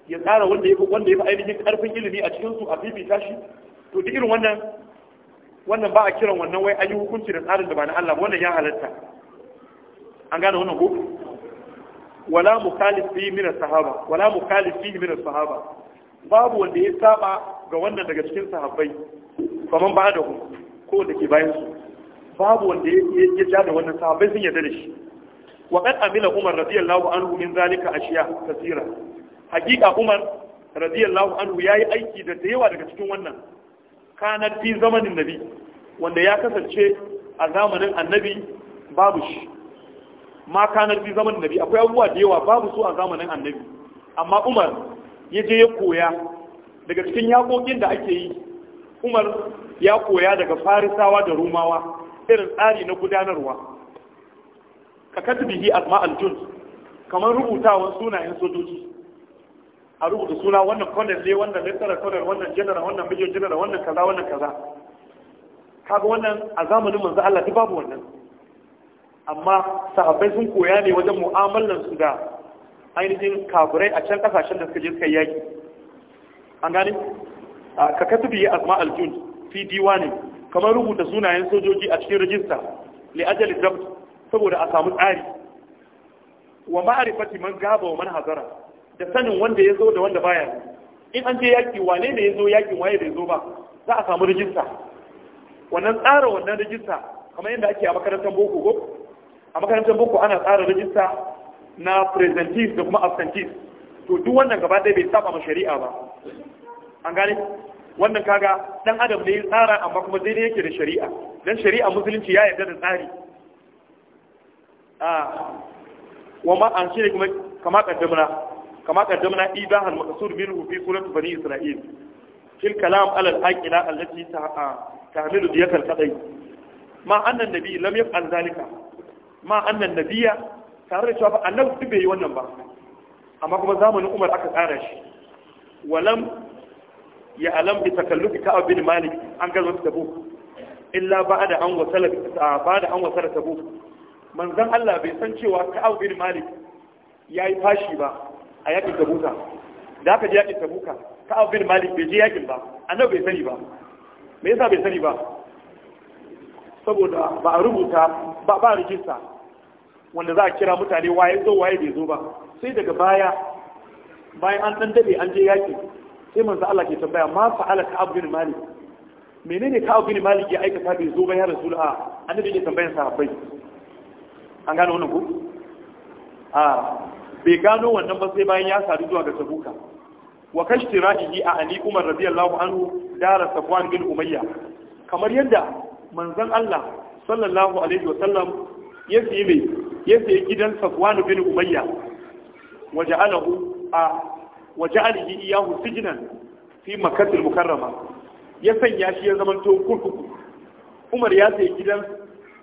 S2: ya tsara wanda ya fi ainihin karfin ilimi a cikinsu a fifita shi to duk irin wannan wannan ba a kiran wannan wai an yi hukunci da tsarin da ba na Allah ba wannan ya halatta an gane wannan ko wala mukhalifi min sahaba wala mukhalifi min sahaba babu wanda ya saba ga wannan daga cikin sahabbai kaman ba da ko da ke bayan su babu wanda ya ja da wannan sahabbai sun yarda da shi wa Amina amila umar radiyallahu anhu min zalika ashiya kasira hakika umar radiyallahu anhu yayi aiki da da yawa daga cikin wannan kanar fi zamanin nabi wanda ya kasance a zamanin annabi babu shi ma kanar fi zamanin nabi akwai abubuwa da yawa babu su a zamanin annabi amma umar ya je ya koya daga cikin yakokin da ake yi umar ya koya daga farisawa da rumawa irin tsari na gudanarwa ka katbihi asma'al jund kamar rubutawan sunayen sojoji a rubuta suna wannan colonel ne wannan lieutenant colonel wannan general wannan major general wannan kaza wannan kaza kaga wannan a zamanin manzo Allah duk babu wannan amma sahabbai sun koya ne wajen mu'amalar su da ainihin kaburai a can kasashen da suka je suka yaki an gane ka katbi asma al-jund fi diwani kamar rubuta sunayen sojoji a cikin rajista li ajali dabt saboda a samu tsari wa ma'arifati man gaba wa man hazara da sanin wanda ya zo da wanda baya in an je yaki wane ne ya zo yaki waye bai zo ba za a samu rijista wannan tsara wannan rijista kamar yadda ake a makarantar boko ko a makarantar boko ana tsara rijista na presentees da kuma absentees to duk wannan gaba ɗaya bai saba ma shari'a ba an gane wannan kaga dan adam ne ya tsara amma kuma daidai yake da shari'a dan shari'a musulunci ya yarda da tsari wa ma an shi ne kuma kama kaddamna kama kaddamna ibahan maqsur minhu fi surati bani isra'il fil kalam ala al-aqila allati tahmilu diyakal qadai ma anna nabi lam yaf'al zalika ma anna nabiyya tare da cewa annabi duk bai yi wannan ba amma kuma zamanin Umar aka tsara shi walam ya alam bi takallufi ka'ab bin malik an an manzan Allah bai san cewa Ka'ab bin Malik ya yi fashi ba a yakin Tabuka da aka je yakin Tabuka Ka'ab bin Malik bai je yakin ba annabi bai sani ba me yasa bai sani ba saboda ba a rubuta ba ba rijista wanda za a kira mutane waye zo waye bai zo ba sai daga baya bayan an dan dade an je yaki sai manzo Allah ke tambaya ma fa'ala Ka'ab bin Malik menene Ka'ab bin Malik ya aikata bai zo ba ya Rasulullah annabi ke tambayan sahabbai an gano wannan ku a bai gano wannan ba sai bayan ya sadu zuwa ga tabuka wa tira iji a ali umar radiyallahu anhu dara safwan bin umayya kamar yadda manzan Allah sallallahu alaihi wa sallam ya sayi mai ya sayi gidan safwan bin umayya waje alahu a alihi iyahu sijnan fi makasir mukarrama ya sanya shi ya zamanto kurkuku umar ya sayi gidan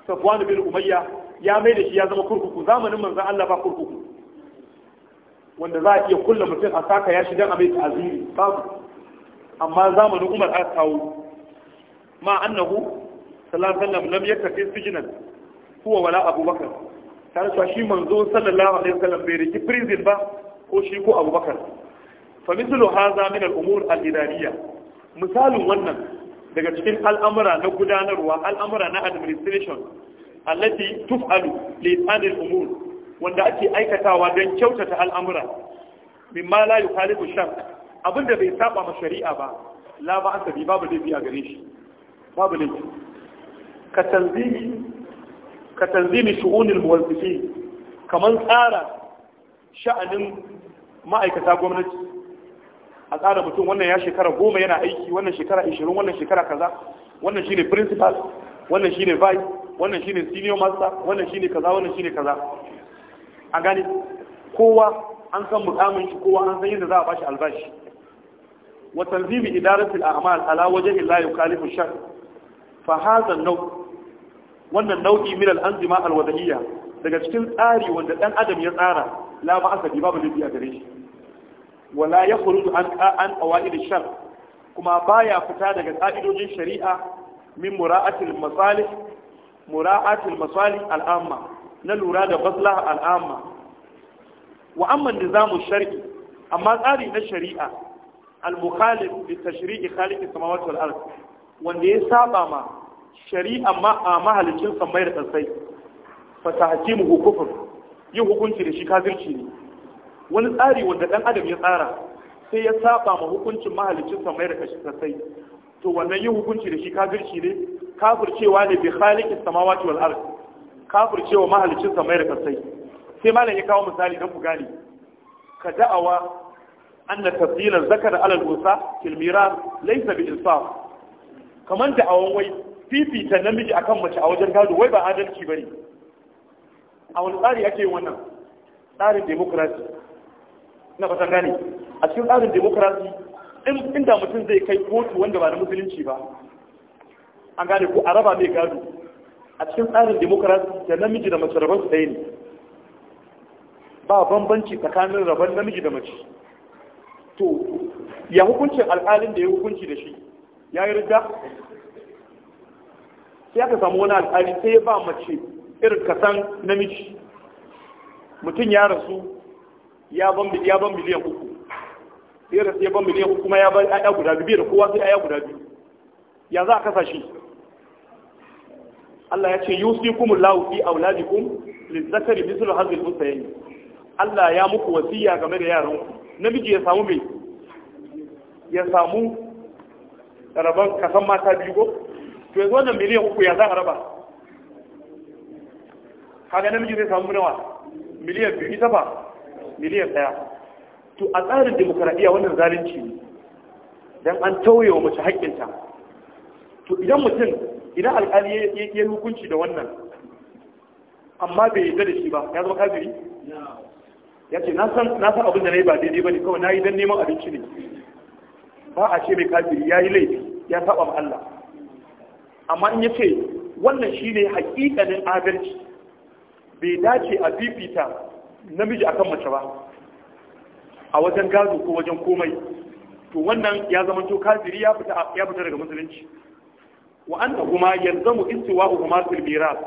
S2: safwan bin umayya ya mai da shi ya zama kurkuku zamanin manzan Allah ba kurkuku wanda za a iya kulle mutum a saka ya shi don a mai ta'aziri babu amma zamanin umar a kawo ma annahu sallallahu alaihi wasallam lam yattafi sijnan huwa wala abubakar tare cewa shi manzo sallallahu alaihi wasallam bai riki prison ba ko shi ko abubakar fa mithlu hadha min al-umur al-idariyya misalin wannan daga cikin al'amura na gudanarwa al'amura na administration allati tuf'alu li tsanil umur wanda ake aikatawa don kyautata al'amura mimma la yukhalifu shak abinda bai saba ma shari'a ba la ba asabi babu laifi a gare shi babu laifi ka tanzimi
S1: ka tanzimi shu'unil
S2: muwazzifin kaman tsara sha'anin ma'aikata gwamnati a tsara mutum wannan ya shekara goma yana aiki wannan shekara 20 wannan shekara kaza wannan shine principal wannan shine vice wannan shine senior master wannan shine kaza wannan shine kaza a gani. kowa an san mukamin shi kowa an san yadda za a bashi albashi wa tanzimi idaratul a'mal ala wajhi la yukhalifu shar fa hadha wannan nau'i min al-anzima al-wadhiyya daga cikin tsari wanda dan adam ya tsara la ba asabi babu laifi a gare shi wala yakhruju an an qawaid shar kuma baya fita daga ka'idojin shari'a min mura'atil masalih mura'atul masalih al'amma na lura da maslaha al'amma wa amma nizamu shar'i amma tsari na shari'a al-mukhalif bi tashri'i khaliqis samawati wal ard wanda ya saba ma shari'a ma a mahalicin samai da kasai fa tahkimu kufr yi hukunci da shi kafirci ne wani tsari wanda dan adam ya tsara sai ya saba ma hukuncin mahalicin samai da kasai to wannan yin hukunci da shi kafirci ne kafircewa ne bi khaliqis samawati wal ard kafircewa mahalicin samai da kasai sai malam ya kawo misali dan ku gane ka da'awa anna tafdila zakar ala al-unsa fil miras laysa bi insaf kaman da'awan wai fifita namiji akan mace a wajen gado wai ba adalci bane a wani tsari ake yin wannan tsarin demokrasi na fatan gane a cikin tsarin demokrasi inda mutum zai kai kotu wanda ba da musulunci ba an gane ko a raba mai gado a cikin tsarin demokarasi da namiji da mace rabar su ɗaya ne ba bambanci tsakanin rabar namiji da mace to ya hukuncin alƙalin da ya hukunci da shi ya yi rida sai aka samu wani alƙali sai ya ba mace irin kasan namiji mutum ya rasu ya ban miliyan uku ya rasu ya ban miliyan uku kuma ya ba ya guda biyu da kowa sai ya guda biyu ya za a kasa shi Allah ya ce kuma yusikumullahu fi auladikum lizakari mislu hadhihi musa unsayayn Allah ya muku wasiya game da yaran namiji ya samu mai ya samu ɗaraban kasan mata biyu ko to yanzu wannan miliyan uku ya za a raba kaga namiji zai samu nawa miliyan biyu ita ba miliyan daya to a tsarin demokaradiyya wannan zalunci ne dan an tauye wa mace haƙƙinta to idan mutum idan alƙali ya hukunci da wannan amma bai yi da shi ba ya zama kafiri ya ce na san abin da na yi ba daidai ba ne kawai na yi don neman abinci ne ba a ce mai kafiri ya yi laifi ya saba Allah amma in ya ce wannan shi ne haƙiƙanin adalci bai dace a fifita namiji akan mace ba a wajen gado ko wajen komai to wannan ya zama to kafiri ya fita daga musulunci wa kuma, annahuma yalzamu istiwa'uhuma fil miras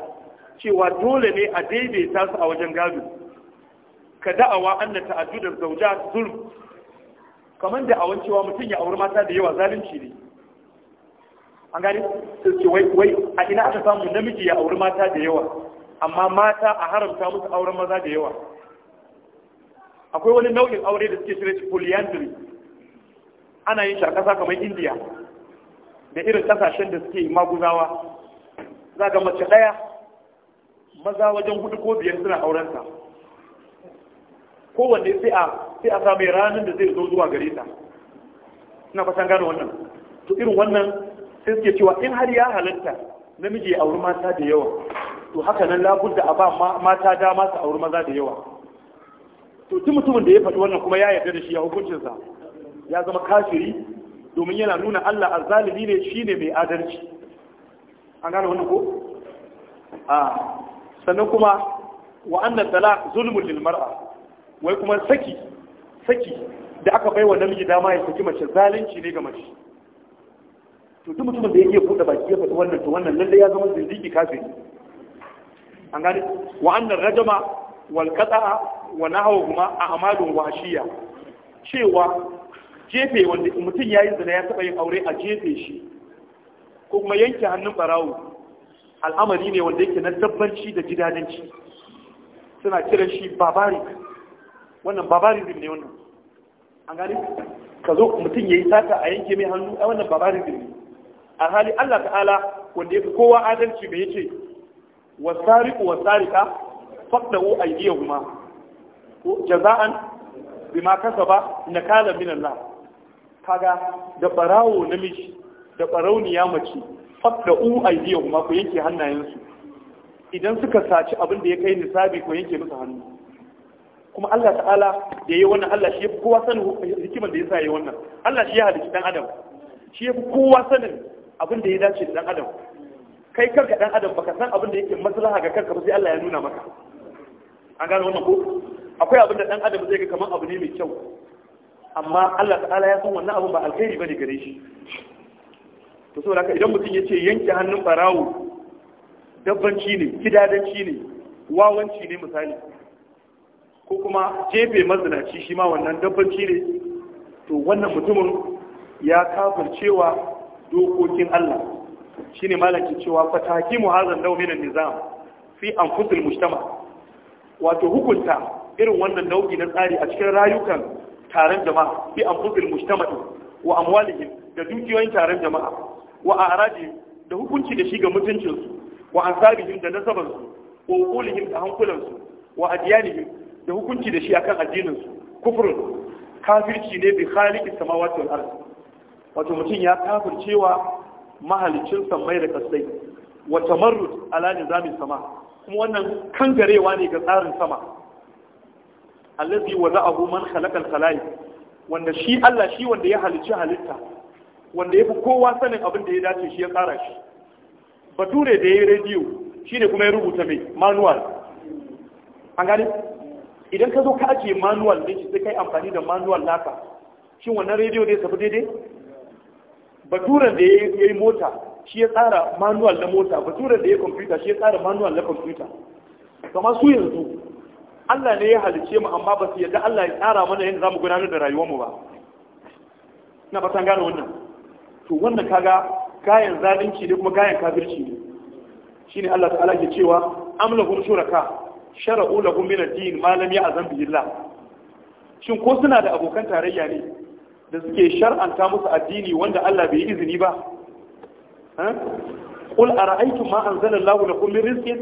S2: cewa dole ne a daidaita su a wajen gado ka da'awa anna ta'addudar zauja zulm kamar da awancewa, cewa mutum ya auri mata da yawa zalunci ne an gani su ce wai wai a ina aka samu namiji ya auri mata da yawa amma mata a haramta musu auren maza da yawa akwai wani nau'in aure da suke shirye polyandry ana yin shakasa kamar indiya da irin kasashen da suke maguzawa za ga mace ɗaya maza wajen hudu ko biyar suna aurenta kowanne sai a sai samu ranar da zai zo zuwa gare ta ina fatan gane wannan to irin wannan sai suke cewa in har ya halatta namiji ya auri mata da yawa to haka nan labudda a ba mata dama su auri maza da yawa to mutumin da ya faɗi wannan kuma ya yarda da shi ya hukuncinsa ya zama kafiri domin yana nuna Allah azzalimi ne shine mai adalci an gane wannan ko a sannan kuma wa'annan tala talaq zulmun lil mar'a wai kuma saki saki da aka baiwa namiji dama ya saki mace zalunci ne ga mace to duk mutumin da yake buɗe baki ya faɗi wannan to wannan lalle ya zama zindiki kafin. an gane wa'annan annan rajama wal qata'a wa nahawuma a'malun washiya cewa jefe wanda mutum ya yi zina ya taɓa yin aure a jefe shi ko kuma yanke hannun ɓarawo al'amari ne wanda yake na dabbanci da gidajenci suna kiran shi babari wannan babarizm ne wannan an gani ka zo mutum ya yi sata a yanke mai hannu a wannan babarizm ne a hali allah ta'ala wanda ya fi kowa adalci mai yace wasariku wasarika faɗawo Kuma jaza'an bima kasaba nakala min Allah kaga da barawo namiji da barauniya mace fadda u aidiya kuma ku yanke hannayensu idan suka saci abin da ya kai nisabi ku yanke musu hannu kuma Allah ta'ala da yayi wannan Allah shi yafi kowa sanin hikimar da yasa yayi wannan Allah shi ya halicci dan adam shi yafi kowa sanin abin da ya dace da dan adam kai kanka dan adam baka san abin da yake maslaha ga kanka ba sai Allah ya nuna maka an gane wannan ko akwai abin da dan adam zai ga kamar abu ne mai kyau amma Allah ta'ala ya san wannan abu ba alkhairi bane gare shi to saboda haka idan mutum yace yanke hannun barawo dabbanci ne gidadanci ne wawanci ne misali ko kuma jefe mazinaci shi ma wannan dabbanci ne to wannan mutumin ya kafircewa dokokin Allah shine malaki cewa fatakimu hazan daw min nizam fi anfusil mujtama wato hukunta irin wannan nau'i na tsari a cikin rayukan taron jama'a bi anfusil mujtama'i wa amwalihi da dukiyoyin taron jama'a wa aradi da hukunci da shi ga mutuncinsu wa ansabihi da nasabansu wa uqulihim da hankulansu wa adiyanihi da hukunci da shi akan addininsu kufrun kafirci ne bi khaliqis samawati wal ardi wato mutum ya kafircewa mahalicin samai da kasai wa tamarrud ala nizamin sama kuma wannan kangarewa ne ga tsarin sama allazi wada'ahu man khalaqal khalaiq wanda shi Allah shi wanda ya halicci halitta wanda ya fi kowa sanin abin da ya dace shi ya tsara shi bature da ya yi rediyo shi ne kuma ya rubuta mai manual an gani idan ka zo ka ajiye manual ne sai kai amfani da manual naka shin wannan rediyo ne tafi daidai baturen da ya yi mota shi ya tsara manual na mota baturen da ya yi kwamfuta shi ya tsara manual na computer kamar su yanzu Allah ne ya halice mu amma ba su yadda Allah ya tsara mana yadda za mu gudanar da rayuwarmu ba na fatan gane wannan to wannan kaga gayan zalunci ne kuma gayan kafirci ne shine Allah ta'ala ke cewa am lahum shuraka shara'u lahum min ad-din ma lam ya'zam bihi shin ko suna da abokan tarayya ne da suke shar'anta musu addini wanda Allah bai yi izini ba qul ara'aytum ma anzala Allahu lakum min rizqin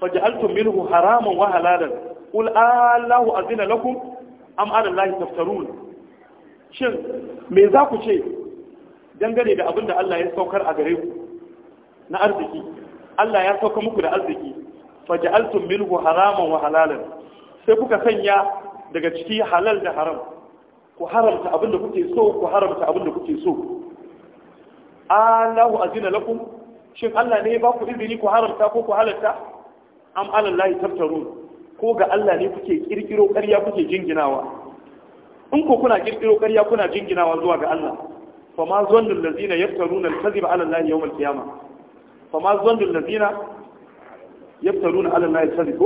S2: faj'altum minhu haraman wa halalan qul allahu azina lakum am ala allahi taftarun shin me za ku ce dangane da abin da Allah ya saukar a gare ku na arziki Allah ya sauka muku da arziki faja'altum minhu haraman wa halalan sai kuka sanya daga ciki halal da haram ku haramta abin da kuke so ku haramta abin da kuke so Allahu azina lakum shin Allah ne ya ba ku izini ku haramta ko ku halalta am alallahi taftarun ko ga Allah ne kuke kirkiro ƙarya kuke jinginawa in ko kuna kirkiro ƙarya kuna jinginawa zuwa ga Allah fa ma zannul ladzina yaftaruna al-kadhiba ala Allah yawm al-qiyamah fa ma zannul ladzina yaftaruna ala Allah al-kadhib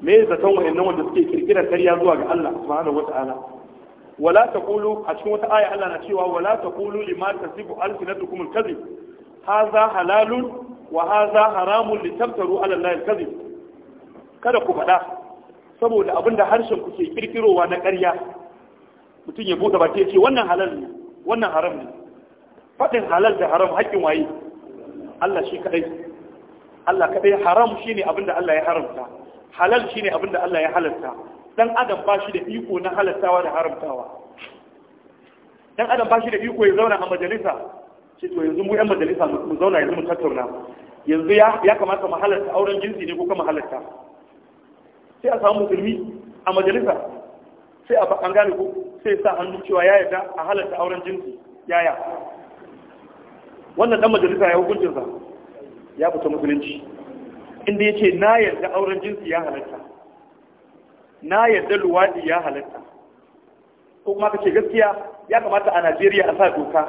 S2: me zaton wayannan wanda suke kirkira ƙarya zuwa ga Allah subhanahu wata'ala wala taqulu a cikin wata aya Allah na cewa wala taqulu lima tasifu alsinatukum al-kadhib hadha halalun wa hadha haramun litabtaru ala Allah al-kadhib kada ku faɗa saboda abin da harshen ku ke kirkirowa na ƙarya mutum ya buɗe baki ce wannan halal ne wannan haram ne faɗin halal da haram haƙƙin waye Allah shi kaɗai Allah kaɗai haram shine abin da Allah ya haramta halal shine abin da Allah ya halarta dan adam ba shi da iko na halartawa da haramtawa dan adam ba shi da iko ya zauna a majalisa shi to yanzu mu yan majalisa mu zauna yanzu mu tattauna yanzu ya kamata mu halarta auren jinsi ne ko kuma halarta sai a samu musulmi a majalisa sai a an gane ko sai sa hannu cewa ya yarda a halarta auren jinsi yaya wannan dan majalisa ya hukuncinsa ya fita musulunci inda ya ce na yarda auren jinsi ya halarta na yarda luwaɗi ya halarta ko kuma ka ce gaskiya ya kamata a najeriya a sa doka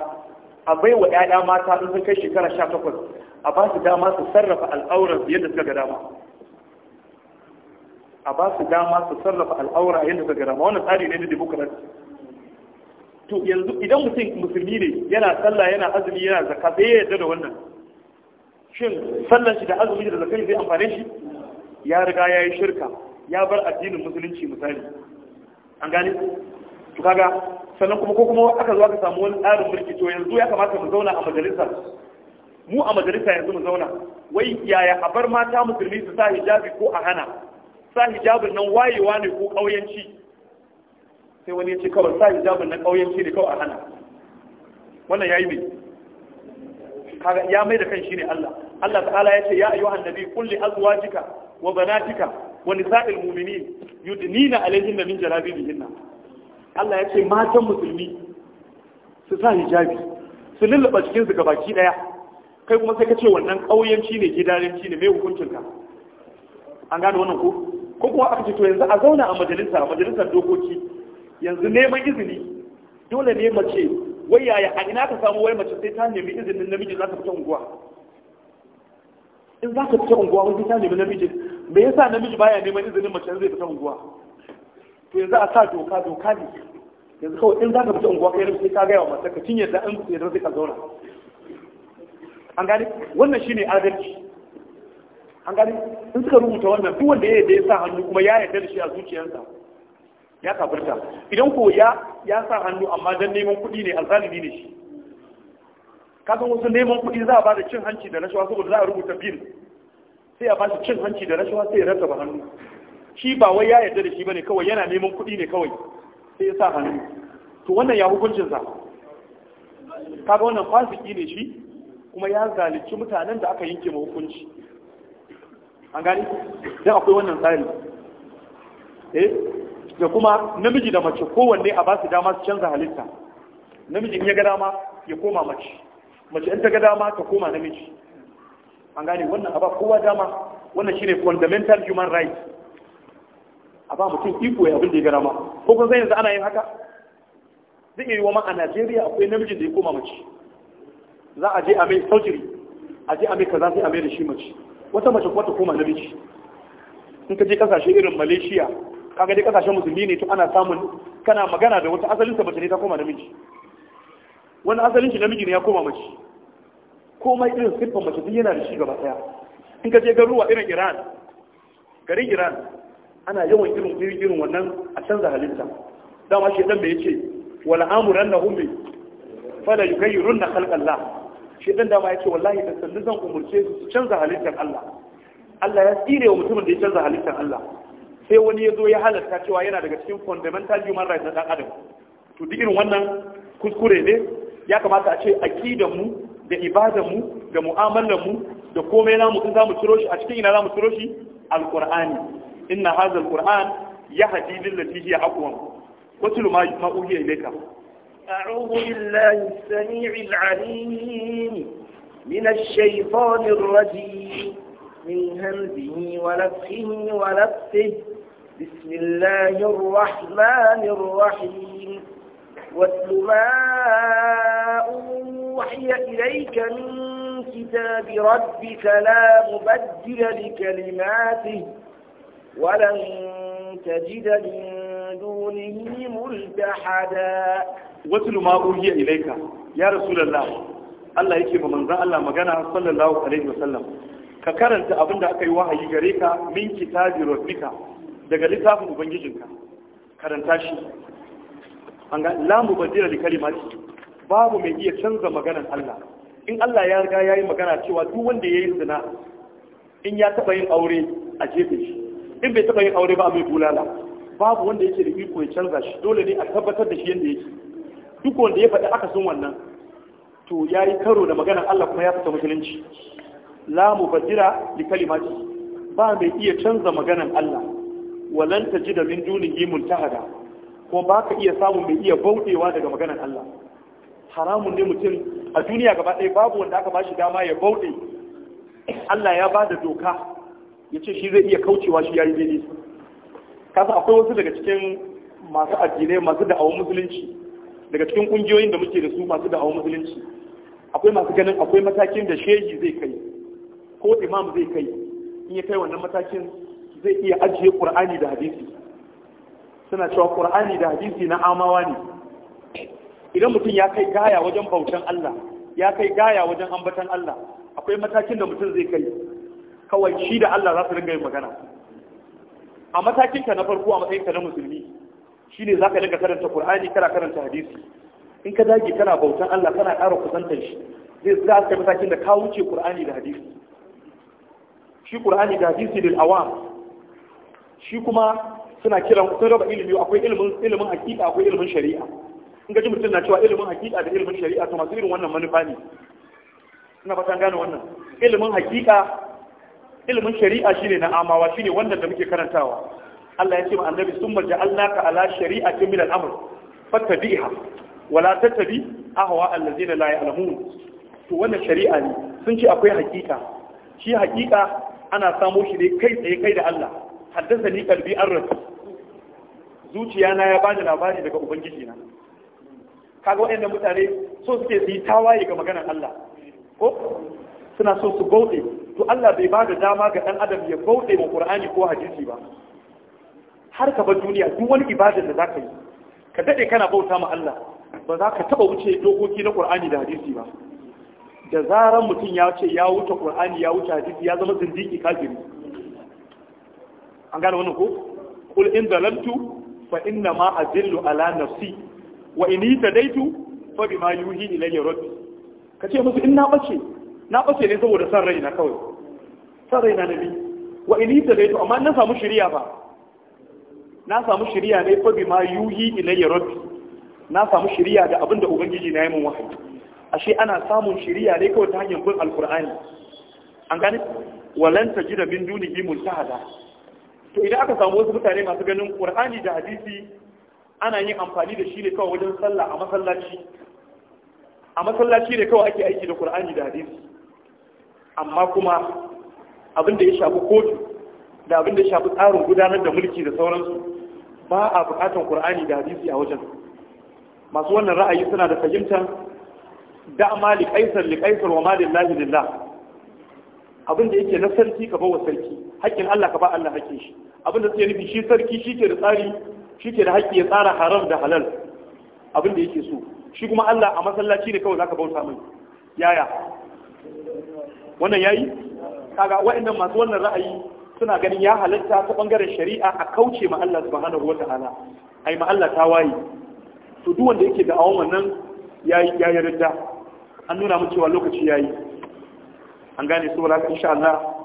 S2: a bai wa 'ya'ya mata sun kai shekara sha takwas a ba su dama su sarrafa al'aurar yadda suka ga dama a ba su dama su sarrafa al'aura yadda su gara wannan tsari ne na demokarasi to yanzu idan mutum musulmi ne yana sallah yana azumi yana zakka sai ya yarda da wannan shin sallan shi da azumi da zakka zai amfane shi ya riga ya yi shirka ya bar addinin musulunci misali an gane to kaga sannan kuma ko kuma aka zo aka samu wani tsarin mulki to yanzu ya kamata mu zauna a majalisa mu a majalisa yanzu mu zauna wai yaya a bar mata musulmi su sa hijabi ko a hana sa hijabin nan wayewa ne ko ƙauyanci sai wani ya ce kawai sa hijabin nan ƙauyanci ne kawai a hana wannan ya yi mai kaga ya mai da kan shi ne Allah Allah ta'ala ya ce ya ayyuhan nabi kulli azwajika wa banatika wa nisa'il mu'minin yudnina alayhinna min jalabibihinna Allah ya ce matan musulmi su sa hijabi su lullaba cikin su gabaki daya kai kuma sai ka ce wannan ƙauyanci ne ci ne mai hukuncinka an gane wannan ko ko kuma aka ce to yanzu a zauna a majalisa a majalisar dokoki yanzu neman izini dole ne mace wai yaya a ina ka samu wai mace sai ta nemi izinin namiji za ta fita unguwa in za ka fita unguwa wai ta nemi namiji me yasa namiji baya neman izinin mace zai fita unguwa to yanzu a sa doka doka ne yanzu kawai in za ka fita unguwa kai sai ka ga wa mace ka cinye da an yadda zai ka zauna an gane wannan shine adalci an gani in suka rubuta wannan duk wanda ya yi sa hannu kuma ya yarda da shi a zuciyarsa ya kafirta idan ko ya ya sa hannu amma dan neman kuɗi ne alzalimi ne shi kasan wasu neman kuɗi za a ba da cin hanci da rashawa saboda za a rubuta bil sai a ba shi cin hanci da rashawa sai ya rasa ba hannu shi ba wai ya yarda da shi bane kawai yana neman kuɗi ne kawai sai ya sa hannu to wannan ya hukuncin sa kaga wannan fasiki ne shi kuma ya zalunci mutanen da aka yanke ma hukunci an gani sai akwai wannan tsari eh da kuma namiji da mace kowanne a ba su dama su canza halitta namiji in ya ga dama ya koma mace mace in ta ga dama ta koma namiji an gani wannan a ba kowa dama wannan shine fundamental human right a ba mutum iko ya abin da ya ga dama ko kun san yanzu ana yin haka zai yi wa ma a Najeriya akwai namijin da ya koma mace za a je a mai saujiri a je a mai kaza sai a mai da shi mace wata mace kuwa ta koma namiji in ka je kasashe irin malaysia kaga dai kasashen musulmi ne to ana samun kana magana da wata asalin mace ne ta koma namiji wani asalin shi namiji ne ya koma mace komai irin siffar mace duk yana da shi gaba daya in ka je garuwa irin iran garin iran ana yawan irin irin wannan a canza halitta dama shi dan bai ce wala amuran na ummi fala yughayyirun khalqallah shi dan dama yake wallahi da sannu zan umurce su su canza halittar Allah Allah ya tsire wa mutumin da ya canza halittar Allah sai wani ya zo ya halarta cewa yana daga cikin fundamental human rights na dan adam to duk irin wannan kuskure ne ya kamata a ce aqidan mu da ibadan mu da mu'amalar mu da komai namu in zamu ciro shi a cikin ina zamu ciro shi alqur'ani inna hadha alqur'an yahdi lil lati hiya aqwam wa tilu ma uhiya ilayka
S1: أعوذ بالله السميع العليم من الشيطان الرجيم من همزه ولفه ولفه بسم الله الرحمن الرحيم
S2: واتل ما أوحي إليك من كتاب ربك لا مبدل لكلماته ولن تجد من دونه ملتحدا واتل ما أوهي إليك يا رسول الله Allah yake ba manzan Allah magana sallallahu alaihi wasallam ka karanta abin da aka yi wahayi gare ka min kitabi rabbika daga littafin ubangijinka karanta shi an ga kalimati babu mai iya canza maganar Allah in Allah ya riga yayi magana cewa duk wanda yi zina in ya taba yin aure a jefe shi in bai taba yin aure ba a mai bulala babu wanda yake da iko ya canza shi dole ne a tabbatar da shi yadda yake duk wanda ya faɗi aka sun wannan to ya yi karo da maganar Allah kuma ya fita musulunci la mubaddira li kalimati ba mai iya canza maganan Allah walan tajida min dunihi muntahada ko ba ka iya samu mai iya bauɗewa daga maganar Allah haramun ne mutum a duniya gaba ɗaya babu wanda aka bashi dama ya bauɗe Allah ya ba da doka ya ce shi zai iya kaucewa shi ya yi daidai kasa akwai wasu daga cikin masu addinai masu da'awun musulunci daga cikin kungiyoyin da muke da su masu da'awun musulunci akwai masu ganin akwai matakin da sheji zai kai ko imam zai kai in ya kai wannan matakin zai iya ajiye qur'ani da hadisi suna cewa qur'ani da hadisi na amawa ne idan mutum ya kai gaya wajen bautan Allah ya kai gaya wajen ambatan Allah akwai matakin da mutum zai kai kawai shi da Allah za su ringa yin magana a ka na farko a ka na musulmi shine za ka karanta Qur'ani kana karanta hadisi in ka dage kana bautan Allah kana ƙara kusantar shi zai zaka kai matakin da ka wuce Qur'ani da hadisi shi Qur'ani da hadisi lil awam shi kuma suna kiran sun raba ilimi akwai ilimin ilimin hakika akwai ilimin shari'a in ga mutum na cewa ilimin hakika da ilimin shari'a to masu irin wannan manufa ne ina fatan gane wannan ilimin hakika ilimin shari'a shine na amawa shine wanda da muke karantawa Allah ya ce ma annabi Allah ka ala shari'a shari'atin min al bi ha, wala hawa ahwa da layi ya'lamun to wannan shari'a ne sun ce akwai hakika shi hakika ana samo shi ne kai tsaye kai da Allah haddasa ni kalbi an rasu zuciya na ya bani labari daga ubangiji na kaga waɗanda mutane so suke su yi tawaye ga maganar Allah ko suna so su bauɗe to Allah bai ba da dama ga ɗan adam ya bauɗe wa Qur'ani ko hadisi ba har ka bar duniya duk wani ibada da zaka yi ka dade kana bauta ma Allah ba za ka taba wuce dokoki na Qur'ani da hadisi ba da zaran mutum ya ce ya wuce Qur'ani ya wuce hadisi ya zama zindiki kafiri an gane wannan ko qul in dalaltu fa inna ma azillu ala nafsi wa in tadaitu fa bima yuhi ilayya rabbi kace musu in na bace na ɓace ne saboda san raina kawai san raina na bi wa in yi ta to amma na samu shiriya ba na samu shiriya ne fa bima ina ilayya rabbi na samu shiriya da abin da ubangiji na yi min wahayi ashe ana samun shiriya ne kawai ta hanyar bin alkur'ani an gane walanta tajida min dunihi multahada to idan aka samu wasu mutane masu ganin qur'ani da hadisi ana yin amfani da shi ne kawai wajen sallah a masallaci a masallaci ne kawai ake aiki da qur'ani da hadisi amma kuma abin da ya shafi kotu da abin da ya shafi tsarin gudanar da mulki da sauransu ba a bukatan ƙur'ani da hadisi a wajen masu wannan ra'ayi suna da fahimtar da'ama li qaisar li qaisar wa malin lillahi lillah abin da yake na sarki ka bawa sarki haƙƙin Allah ka ba Allah haƙƙin shi abin da suke nufi shi sarki shi ke da tsari shi ke da haƙƙi ya tsara haram da halal abin da yake so shi kuma Allah a masallaci ne kawai zaka bauta mai yaya wannan yayi kaga waɗannan masu wannan ra'ayi suna ganin ya halatta ta bangaren shari'a a kauce ma Allah subhanahu wata'ala ai ma Allah ta waye to duk wanda yake da awon wannan yayi yayi ridda an nuna mu cewa lokaci yayi an gane su haka insha Allah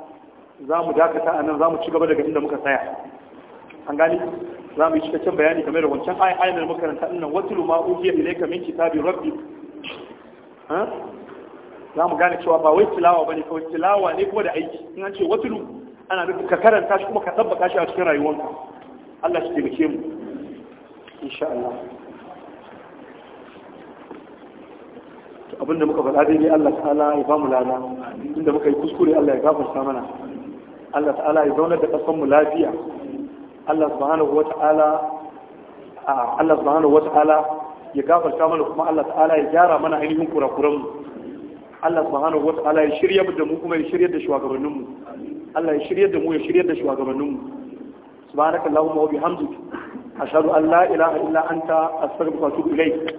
S2: za mu dakata a nan za mu ci gaba daga inda muka tsaya an gane za mu yi cikakken bayani game da wancan ayyana makaranta ɗin nan wasu luma ujiya ilaika min kitabi rabbi za mu gane cewa ba wai tilawa ne kawai tilawa ne kuma da aiki in an ce watulu ana nufin ka karanta shi kuma ka tabbata shi a cikin rayuwanka Allah shi taimake mu insha Allah to abinda muka faɗa dai Allah ta'ala ya ba mu lada inda muka yi kuskure Allah ya gafarta mana Allah ta'ala ya zauna da kasan mu lafiya Allah subhanahu wata'ala Allah subhanahu wata'ala ya gafarta mana kuma Allah ta'ala ya gyara mana ainihin kurakuran mu Allah subhanahu wa ta'ala ya shirya da mu kuma ya shirya da shugabannin mu Allah ya shirya da mu ya shirya da shugabannin mu subhanakallahumma wa bihamdika ashhadu an la ilaha illa anta astaghfiruka wa atubu ilayk